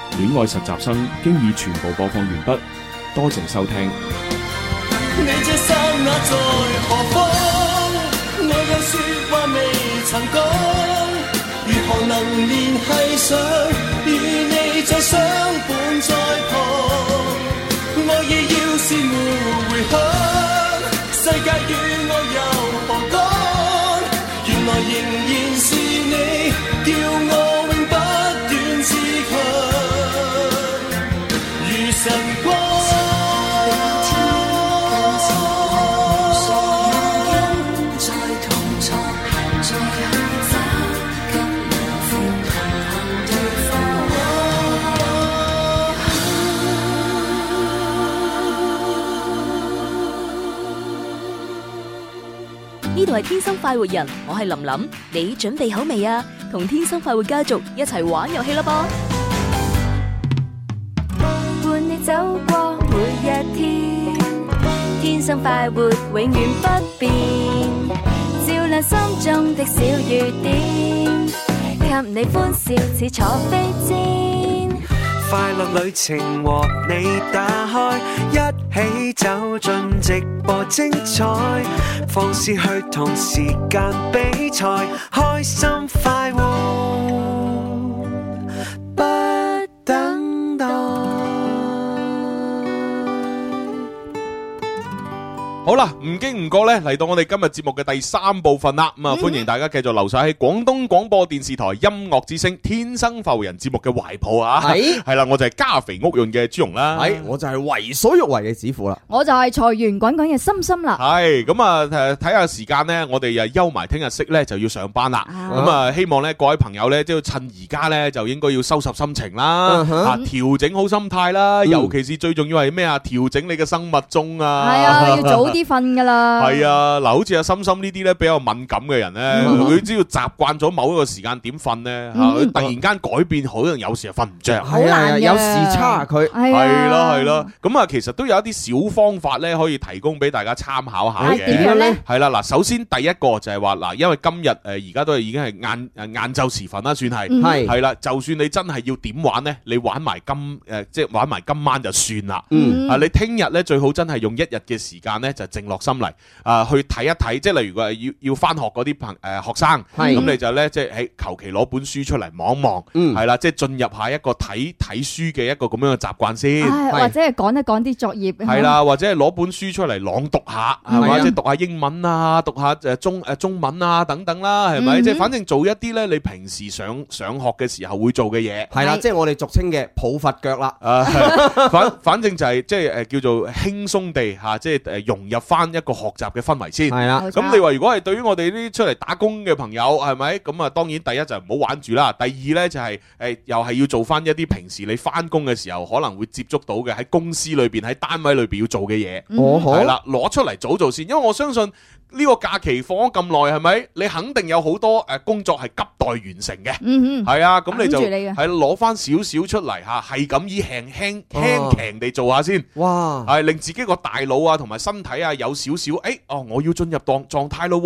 Speaker 2: 戀愛實習生經已全部播放完畢，多謝收聽。
Speaker 6: 你這三眼在何方？我有說話未曾講。如何能聯繫上？與你再相伴在旁。我已要是沒回響。世界與我有。
Speaker 1: 天生快活人，我係林林，你準備好未啊？同天生快活家族一齊玩遊戲啦噃！伴你走過每一天，天生快活永遠不變，照亮心中的小雨點，給你歡笑似坐
Speaker 6: 飛氈。快樂旅程和你打開，一起走進直播精彩，放肆去同時間比賽，開心快活。
Speaker 2: 好啦，唔經唔覺咧，嚟到我哋今日節目嘅第三部分啦。咁、嗯、啊，嗯、歡迎大家繼續留晒喺廣東廣播電視台音樂之聲《天生浮人》節目嘅懷抱啊！係係是 [LAUGHS] 啦，我就係家肥屋潤嘅朱蓉啦，係、哎、我就係為所欲為嘅子富啦，
Speaker 3: 我就係財源滾滾嘅心心啦。
Speaker 2: 係咁啊，睇下時間呢，我哋又休埋聽日息咧就要上班啦。咁、uh huh. 啊，希望呢各位朋友咧，即要趁而家咧就應該要收拾心情啦，調、uh huh. 啊、整好心態啦，uh huh. 尤其是最重要係咩啊？調整你嘅生物鐘啊！係啊，啲
Speaker 3: 瞓噶啦，係啊，嗱，
Speaker 2: 好似阿心心呢啲咧比較敏感嘅人咧，佢只要習慣咗某一個時間點瞓咧，佢突然間改變，可能有時又瞓唔着，好難有時
Speaker 4: 差佢，係咯係
Speaker 2: 咯，咁啊，其實都有一啲小方法咧，可以提供俾大家參考下嘅。點樣咧？係啦，嗱，首先第一個就係話嗱，因為今日誒而家都係已經係晏誒晏晝時分啦，算係係係啦。就算你真係要點玩咧，你玩埋今誒即係玩埋今晚就算啦。嗯啊，你聽日咧最好真係用一日嘅時間咧。就靜落心嚟啊、呃，去睇一睇，即係例如佢係要要返學嗰啲朋誒學生，咁是你就咧即係喺求其攞本書出嚟望一望，係啦、嗯，即係、就是、進入下一個睇睇書嘅一個咁樣嘅習慣先，啊、或
Speaker 3: 者係講一講啲作業，係啦的，的
Speaker 2: 或者係攞本書出嚟朗讀下，係嘛的，即係、就是、讀下英文啊，讀下誒中誒中文啊等等啦、啊，係咪？即係、嗯、哼反正做一啲咧，你平時上上學嘅時候會做嘅嘢，係啦是，即係、就
Speaker 4: 是、我哋俗稱嘅抱佛腳啦
Speaker 2: [LAUGHS] 呃。反反正就係即係誒叫做輕鬆地嚇，即係誒容。入翻一個學習嘅氛圍先，係啦的。咁你話如果係對於我哋呢啲出嚟打工嘅朋友，係咪？咁啊，當然第一就唔好玩住啦。第二呢、就係，就係，誒，又係要做翻一啲平時你翻工嘅時候可能會接觸到嘅，喺公司裏邊喺單位裏邊要做嘅嘢，係啦、嗯，攞出嚟早做，做先。因為我相信。呢個假期放咗咁耐，係咪？你肯定有好多誒工作係急待完成嘅，係啊，咁你就係攞翻少少出嚟吓，係咁以輕輕輕輕地做下先，係令自己個大腦啊同埋身體啊有少少，誒哦，我要進入狀狀態咯，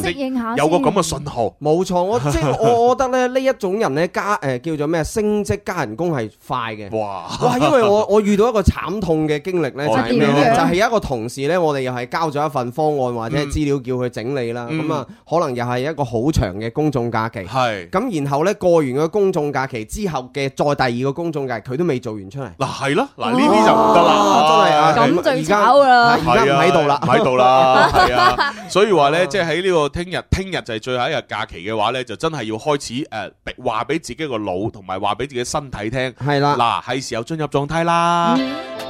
Speaker 2: 適
Speaker 3: 應
Speaker 4: 下先，
Speaker 2: 有個咁嘅信
Speaker 4: 號。冇錯，我即係我覺得咧，呢一種人咧加誒叫做咩升職加人工係快嘅。哇！因為我我遇到一個慘痛嘅經歷咧，就係就係一個同事咧，我哋又係交咗一份方案或者。資料叫佢整理啦，咁啊、嗯，可能又係一個好長嘅公眾假期。係咁是，然後呢，過完個公眾假期之後嘅，再第二個公眾假期，佢都未做完出嚟。嗱、啊，
Speaker 2: 係咯、啊，嗱呢啲就唔得啦，咁、啊啊、就搞啦，而家唔喺度啦，唔喺度啦，係啊， [LAUGHS] 啊，所以話呢，即係喺呢個聽日，聽日就係最後一日假期嘅話呢，就真係要開始誒，話、uh, 俾自己個腦同埋話俾自己身體聽。係啦、啊，嗱，係時候進入狀態啦。嗯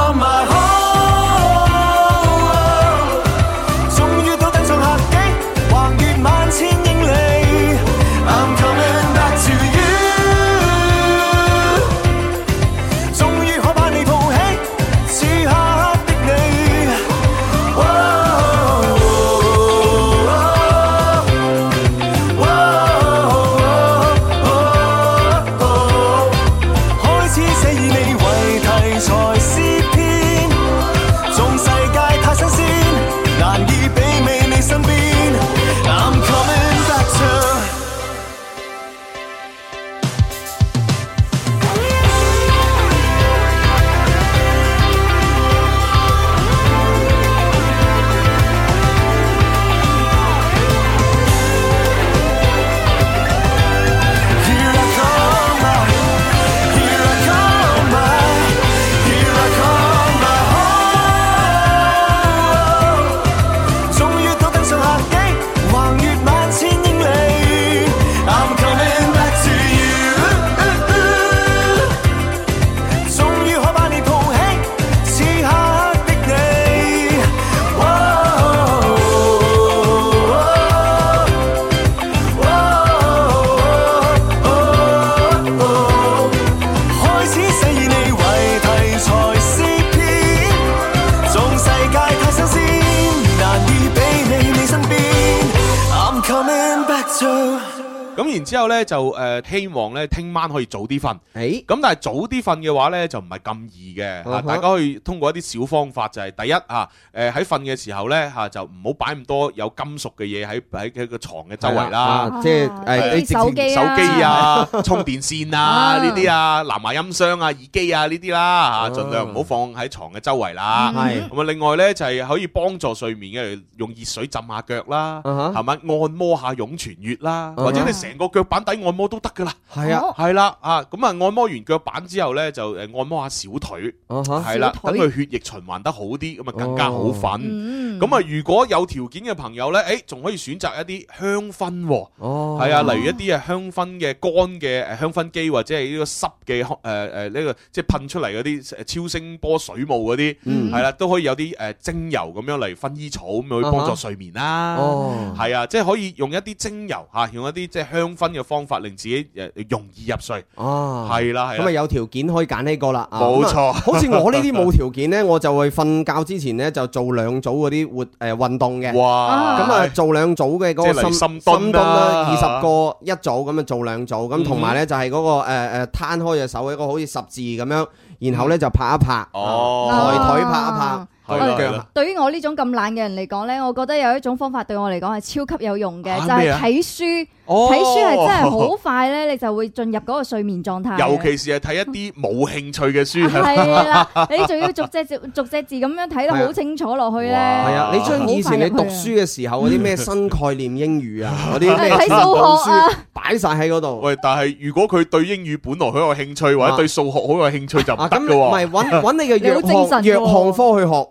Speaker 2: 咁然之後咧就誒希望咧聽晚可以早啲瞓。誒，咁但係早啲瞓嘅話咧就唔係咁易嘅。嚇，大家可以通過一啲小方法，就係第一嚇誒喺瞓嘅時候咧嚇就唔好擺咁多有金屬嘅嘢喺喺喺個牀嘅周圍啦。即係誒你直情手機啊、充電線啊呢啲啊、藍牙音箱啊、耳機啊呢啲啦嚇，儘量唔好放喺牀嘅周圍啦。係，同埋另外咧就係可以幫助睡眠嘅，用熱水浸下腳啦，係咪按摩下湧泉穴
Speaker 5: 啦，或者你。
Speaker 2: 成個腳板底按摩都得噶啦，係啊，係啦，啊，咁啊按摩完腳板之後咧，就誒按摩一下小腿，係啦，等佢血液循環得好啲，咁啊、uh huh. 更加好瞓。咁啊、uh huh. 如果有條件嘅朋友咧，誒仲可以選擇一啲香薰喎，係、uh huh. 啊，例如一啲啊香薰嘅乾嘅誒香薰機或者係呢個濕嘅誒誒呢個即係噴出嚟嗰啲超聲波水霧嗰啲，係啦、uh huh. 啊，都可以有啲誒精油咁樣嚟薰衣草咁去幫助睡眠
Speaker 5: 啦。
Speaker 2: 係、uh huh. uh huh. 啊，即係可以用一啲精油嚇、啊，用一啲即係。香薰嘅方法令自己誒容易入睡哦，係啦、啊，咁啊，啊有
Speaker 4: 條件可以揀呢個啦，冇錯。啊、好似我呢啲冇條件呢， [LAUGHS] 我就會瞓覺之前呢，就做兩組嗰啲活誒、呃、運動嘅。哇！咁啊、嗯嗯、做兩組嘅嗰個深蹲啦，二十、啊、個一組咁啊做兩組，咁同埋呢，就係、是、嗰、那個誒誒、呃、攤開隻手一、那個好似十字咁樣，然後呢，就拍一拍，抬、哦啊、腿拍一拍。對，
Speaker 3: 對於我呢種咁懶嘅人嚟講呢，我覺得有一種方法對我嚟講係超級有用嘅，就係、是、睇書。睇書係真係好快呢，你就會進入嗰個睡眠狀態。尤其
Speaker 2: 是係睇一啲冇興趣嘅書。係啦， [LAUGHS] 你仲要逐
Speaker 3: 隻字逐隻字咁樣睇得好清楚落去呢。係
Speaker 2: 啊哇，你
Speaker 4: 將以前你讀書嘅時候嗰啲咩新
Speaker 2: 概念英語書啊，嗰啲咩數學擺晒喺嗰度。喂，但係如果佢對英語本來好有興趣，或者對數學好有興趣就唔得嘅喎。唔係
Speaker 4: 揾你嘅弱項科去學。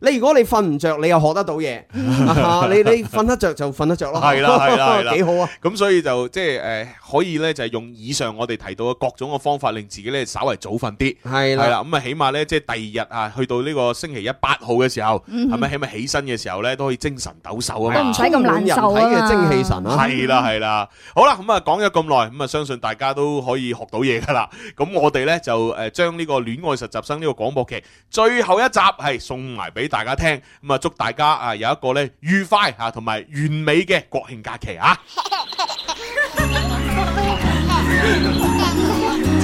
Speaker 4: 你如果你瞓唔著，你又學得到嘢。你你瞓得著就瞓得著咯。係啦
Speaker 2: 係啦，幾好啊！咁所以就即係誒，可以咧就係用以上我哋提到嘅各種嘅方法，令自己咧稍為早瞓啲。係啦，係啦，咁啊起碼咧即係第二日啊，去到呢個星期一八號嘅時候，係咪起碼起身嘅時候咧都可以精神抖擻啊！都唔使咁難受啊！身體嘅精氣神啊！係啦係啦，好啦，咁啊講咗咁耐，咁啊相信大家都可以學到嘢㗎啦。咁我哋咧就誒將呢個戀愛實習生呢個廣播劇最後一集係送埋俾。大家聽，咁啊祝大家啊有一個呢愉快啊同埋完美嘅國慶假期啊！
Speaker 5: [MUSIC]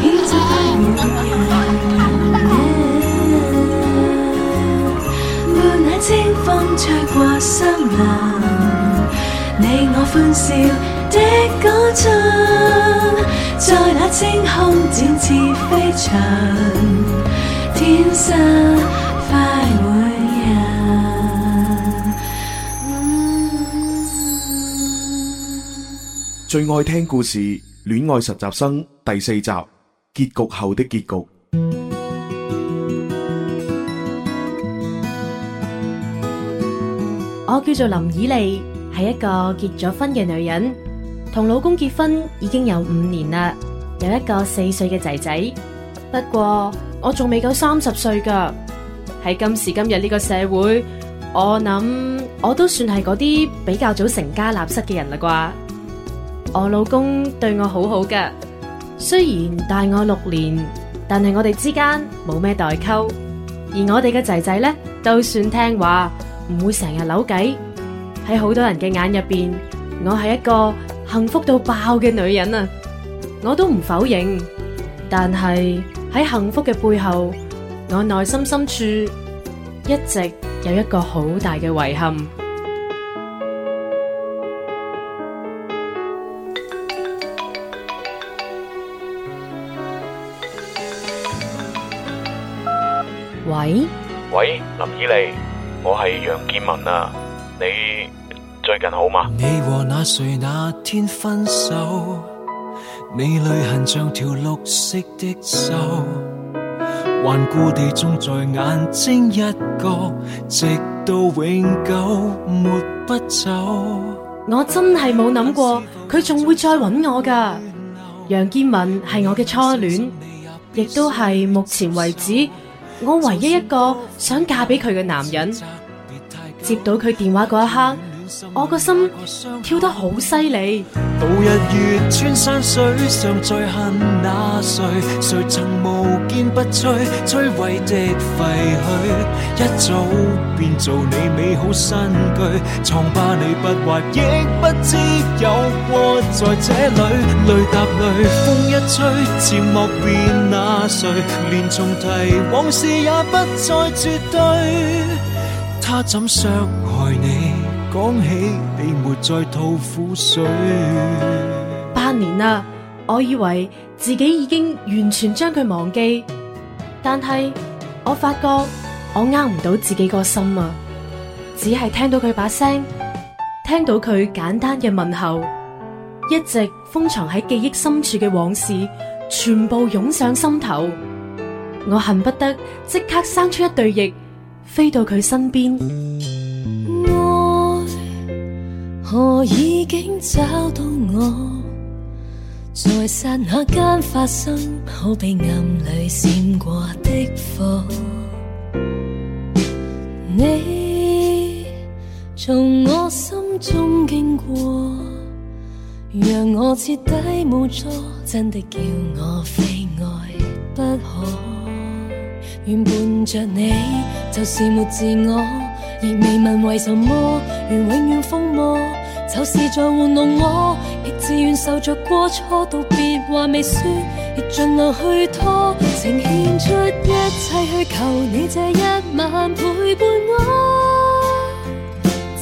Speaker 5: 天色
Speaker 1: 快換人，伴那清風吹過森林，你我歡笑的歌唱，在那清空展翅飛翔，天生快。
Speaker 2: 最愛聽故事《戀愛實習生》第四集結局後的結局。
Speaker 8: 我叫做林以麗，係一個結咗婚嘅女人，同老公結婚已經有五年啦，有一個四歲嘅仔仔。不過我仲未夠三十歲噶。喺今時今日呢個社會，我諗我都算係嗰啲比較早成家立室嘅人啦，啩。我老公對我好好噶，雖然大我六年，但係我哋之間冇咩代溝，而我哋嘅仔仔呢，都算聽話，唔會成日扭計。喺好多人嘅眼入邊，我係一個幸福到爆嘅女人啊！我都唔否認，但係喺幸福嘅背後，我內心深處一直有一個好大嘅遺憾。喂
Speaker 2: 喂，林依莉，我係楊建文啊，你最近好嗎？你
Speaker 6: 和那誰那天分手，你淚痕像條綠色的銹，頑固地種在眼睛一角，直到永
Speaker 8: 久抹不走。我真係冇諗過佢仲會再揾我噶，楊建文係我嘅初戀，亦都係目前為止。我唯一一個想嫁俾佢嘅男人，接到佢電話嗰一刻。我個心跳得好犀
Speaker 6: 利。
Speaker 8: 講起你沒再吐苦水，八年啦，我以為自己已經完全將佢忘記，但係我發覺我呃唔到自己個心啊！只係聽到佢把聲，聽到佢簡單嘅問候，一直封藏喺記憶深處嘅往事，全部湧上心頭，我恨不得即刻生出一對翼，飛到佢身邊。
Speaker 1: 何已經找到我，在剎那間發生，好比暗裡閃過的火。你從我心中經過，讓我徹底無助，真的叫我非愛不可。願伴着你就是沒自我，亦未問為什麼，如永遠瘋魔。就是在玩弄我，亦自願受着過錯。道別話未說，亦盡量去拖。呈獻出，一切去求你這一晚陪伴我。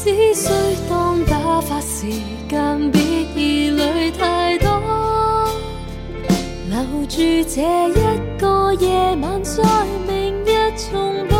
Speaker 1: 只需當打發時間，別疑慮太多。留住這一個夜晚一重，在明日重播。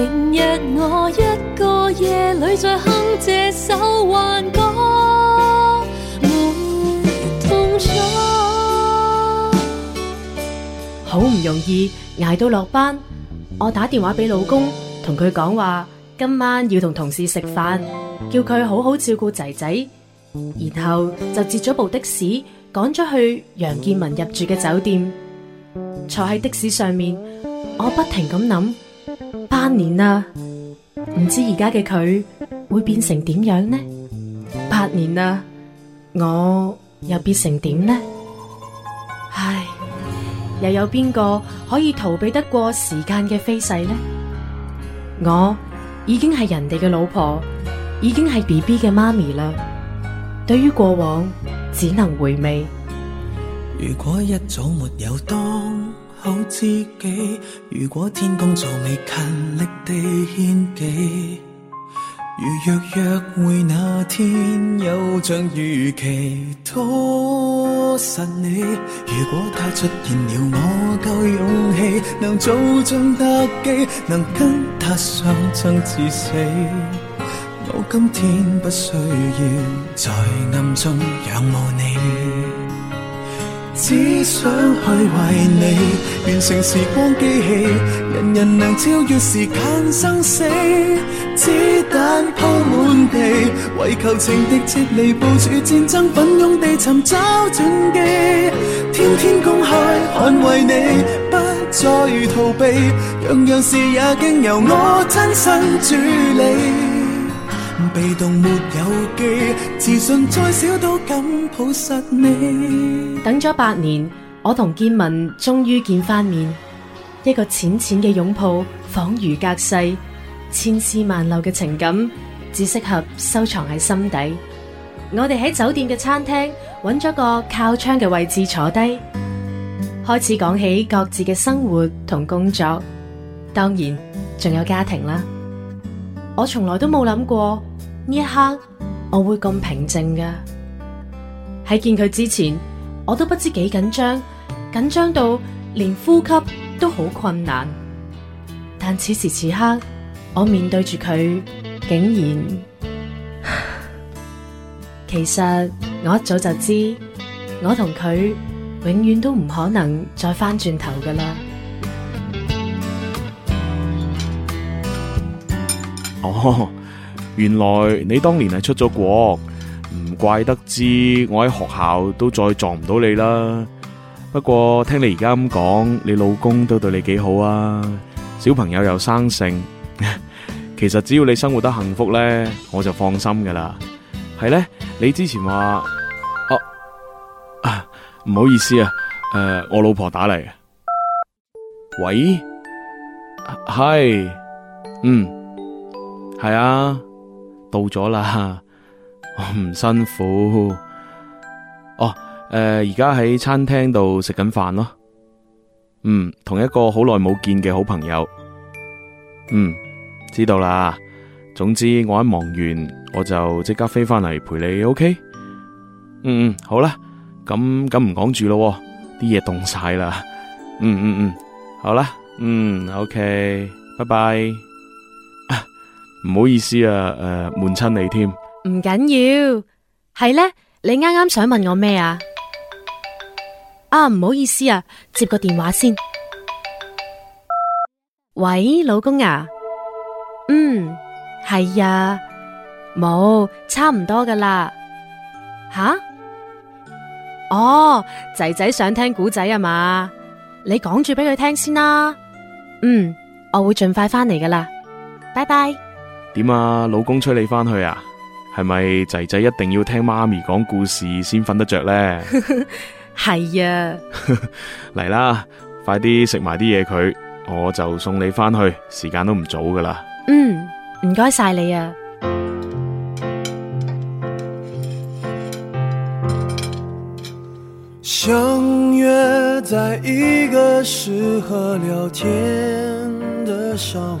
Speaker 1: 明日我一個夜裏再哼這首幻歌。
Speaker 8: 好唔容易捱到落班，我打電話俾老公，同佢講話今晚要同同事食飯，叫佢好好照顧仔仔，然後就截咗部的士，趕咗去楊建文入住嘅酒店。坐喺的士上面，我不停咁諗。八年啦，唔知而家嘅佢會變成點樣呢？八年啦，我又變成點呢？唉，又有邊個可以逃避得過時間嘅飛逝呢？我已經係人哋嘅老婆，已經係 BB 嘅媽咪啦。對於過往，只能回味。如果一早沒有當。好知己，如果天公做美，勤
Speaker 6: 力地獻技，如若約會那天有像預期拖實你，如果他出現了，我夠勇氣，能做盡特技，能跟他相爭至死，我今天不需要在暗中仰慕你。只想去為你完成時光機器，人人能超越時間生死。子彈鋪滿地，為求情的撤離，部署戰爭，奮勇地尋找轉機。天天公開捍衛你，不再逃避，樣樣事也經由我親身處理。被動沒有記，
Speaker 8: 自信再少都敢抱實你。等咗八年，我同建文終於見翻面，一個淺淺嘅擁抱，恍如隔世，千絲萬縷嘅情感只適合收藏喺心底。我哋喺酒店嘅餐廳揾咗個靠窗嘅位置坐低，開始講起各自嘅生活同工作，當然仲有家庭啦。我從來都冇諗過。呢一刻我會咁平靜噶，喺見佢之前，我都不知幾緊張，緊張到連呼吸都好困難。但此時此刻，我面對住佢，竟然， [LAUGHS] 其實我一早就知，我同佢永遠都唔可能再返轉頭噶啦。
Speaker 2: Oh. 原來你當年係出咗國，唔怪得知我喺學校都再撞唔到你啦。不過聽你而家咁講，你老公都對你幾好啊，小朋友又生性。 [LAUGHS] 其實只要你生活得幸福呢，我就放心噶啦。係呢，你之前話哦，唔、啊啊、好意思啊，誒、呃，我老婆打嚟。喂，係、啊，嗯，係啊。到咗啦，我 [LAUGHS] 唔辛苦。哦，誒、呃，而家喺餐廳度食緊飯咯。嗯，同一個好耐冇見嘅好朋友。嗯，知道啦。總之我一忙完，我就即刻飛翻嚟陪你。OK？嗯嗯，好啦，咁咁唔講住咯，啲嘢凍晒啦。嗯嗯嗯，好啦，嗯，OK，拜拜。唔好意思啊，誒、呃，悶親你添。
Speaker 8: 唔緊要，係咧，你啱啱想問我咩啊？啊，唔好意思啊，接個電話先。喂，老公啊，嗯，係呀、啊，冇，差唔多噶啦。吓、啊？哦，仔仔想聽古仔啊嘛？你講住俾佢聽先啦。嗯，我會盡快翻嚟噶啦。拜拜。
Speaker 2: 點啊，老公催你翻去啊，係咪仔仔一定要聽媽咪講故事先瞓得着呢？
Speaker 8: 係 [LAUGHS] 是啊，
Speaker 2: 嚟啦，快啲食埋啲嘢佢，我就送你翻去，時間都唔早噶啦。
Speaker 8: 嗯，唔該晒你啊。相約
Speaker 6: 在一個適合聊天的上午。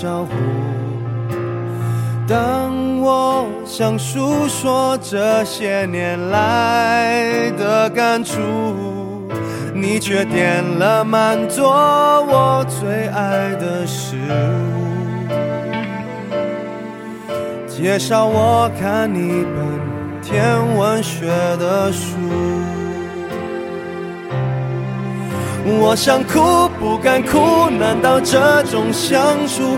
Speaker 6: 招呼。當我想訴說這些年來的感觸，你卻點了滿桌我最愛的食物，介紹我看一本天文學的書。我想哭不敢哭，難道這種相處？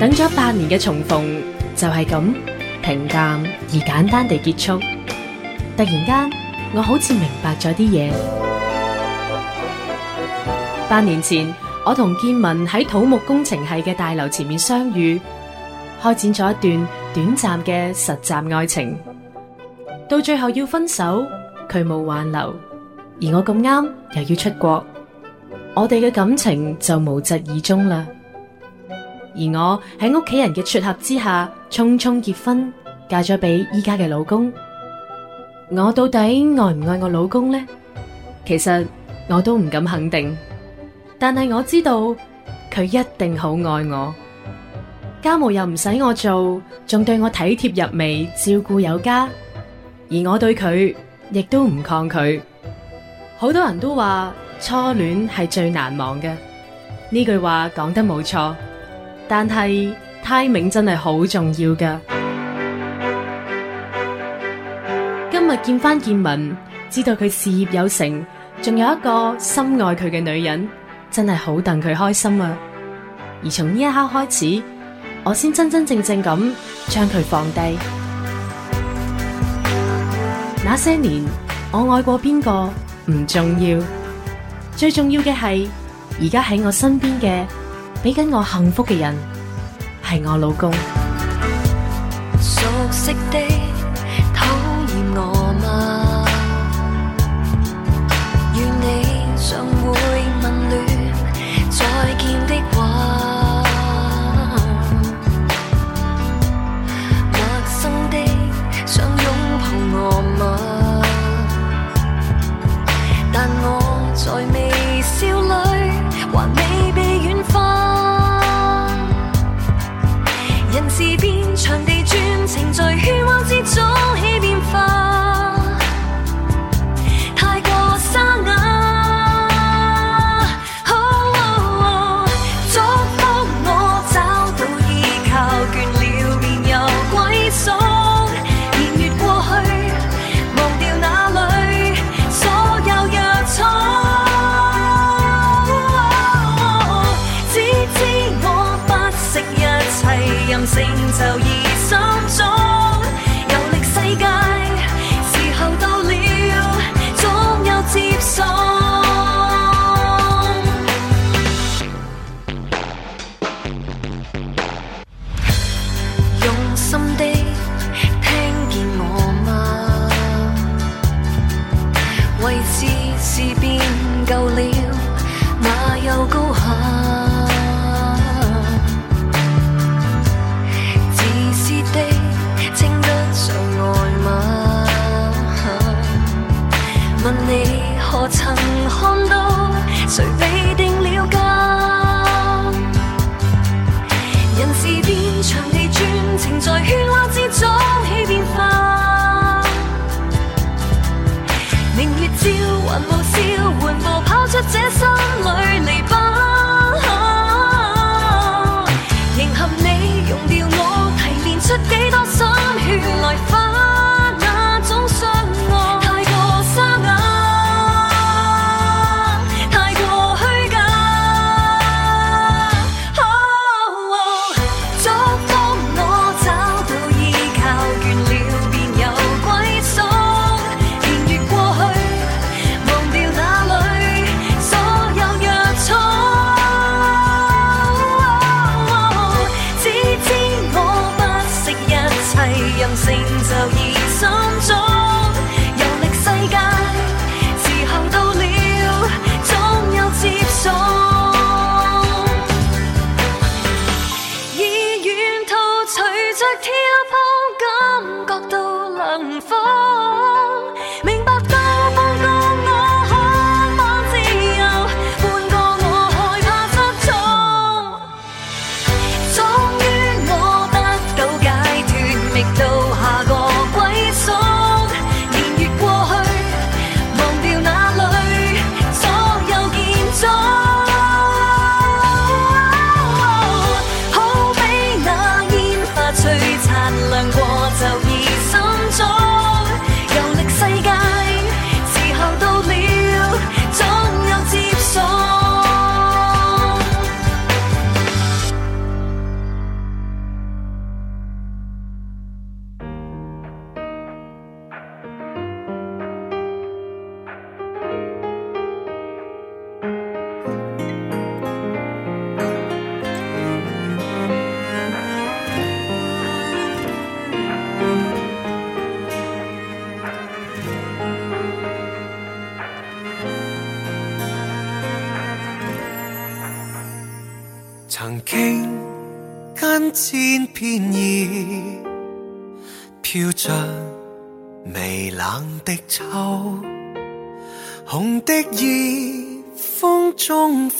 Speaker 8: 等咗八年嘅重逢就係咁平淡而簡單地結束。突然間，我好似明白咗啲嘢。
Speaker 5: 八
Speaker 8: 年前，我同建文喺土木工程系嘅大樓前面相遇，開展咗一段短暫嘅實習愛情。到最後要分手，佢冇挽留，而我咁啱又要出國，我哋嘅感情就無疾而終啦。而我喺屋企人嘅撮合之下，匆匆結婚嫁咗俾依家嘅老公。我到底愛唔愛我老公咧？其實我都唔敢肯定，但係我知道佢一定好愛我。家務又唔使我做，仲對我體貼入微，照顧有加。而我對佢亦都唔抗拒。好多人都話初戀係最難忘嘅，呢句話講得冇錯。但係 timing 真係好重要噶。今日見翻建文，知道佢事業有成，仲有一個心愛佢嘅女人，真係好戥佢開心啊！而從呢一刻開始，我先真真正正咁將佢放低。那些年我愛過邊個唔重要，最重要嘅係而家喺我身邊嘅。俾緊我幸福嘅人係我老公。So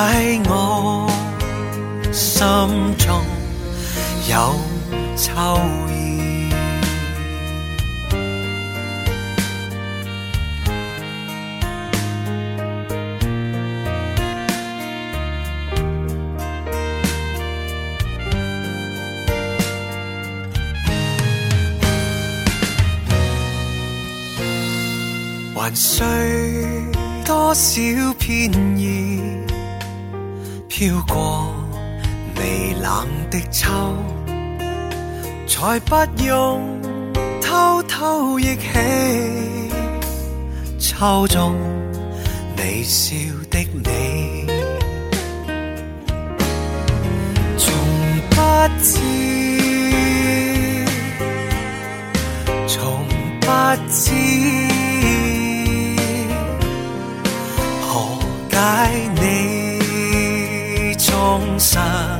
Speaker 6: 在我心中有秋意，還需多少片的愁，才不用偷偷憶起，愁中微笑的你，從不知，從不知，何解你縱身。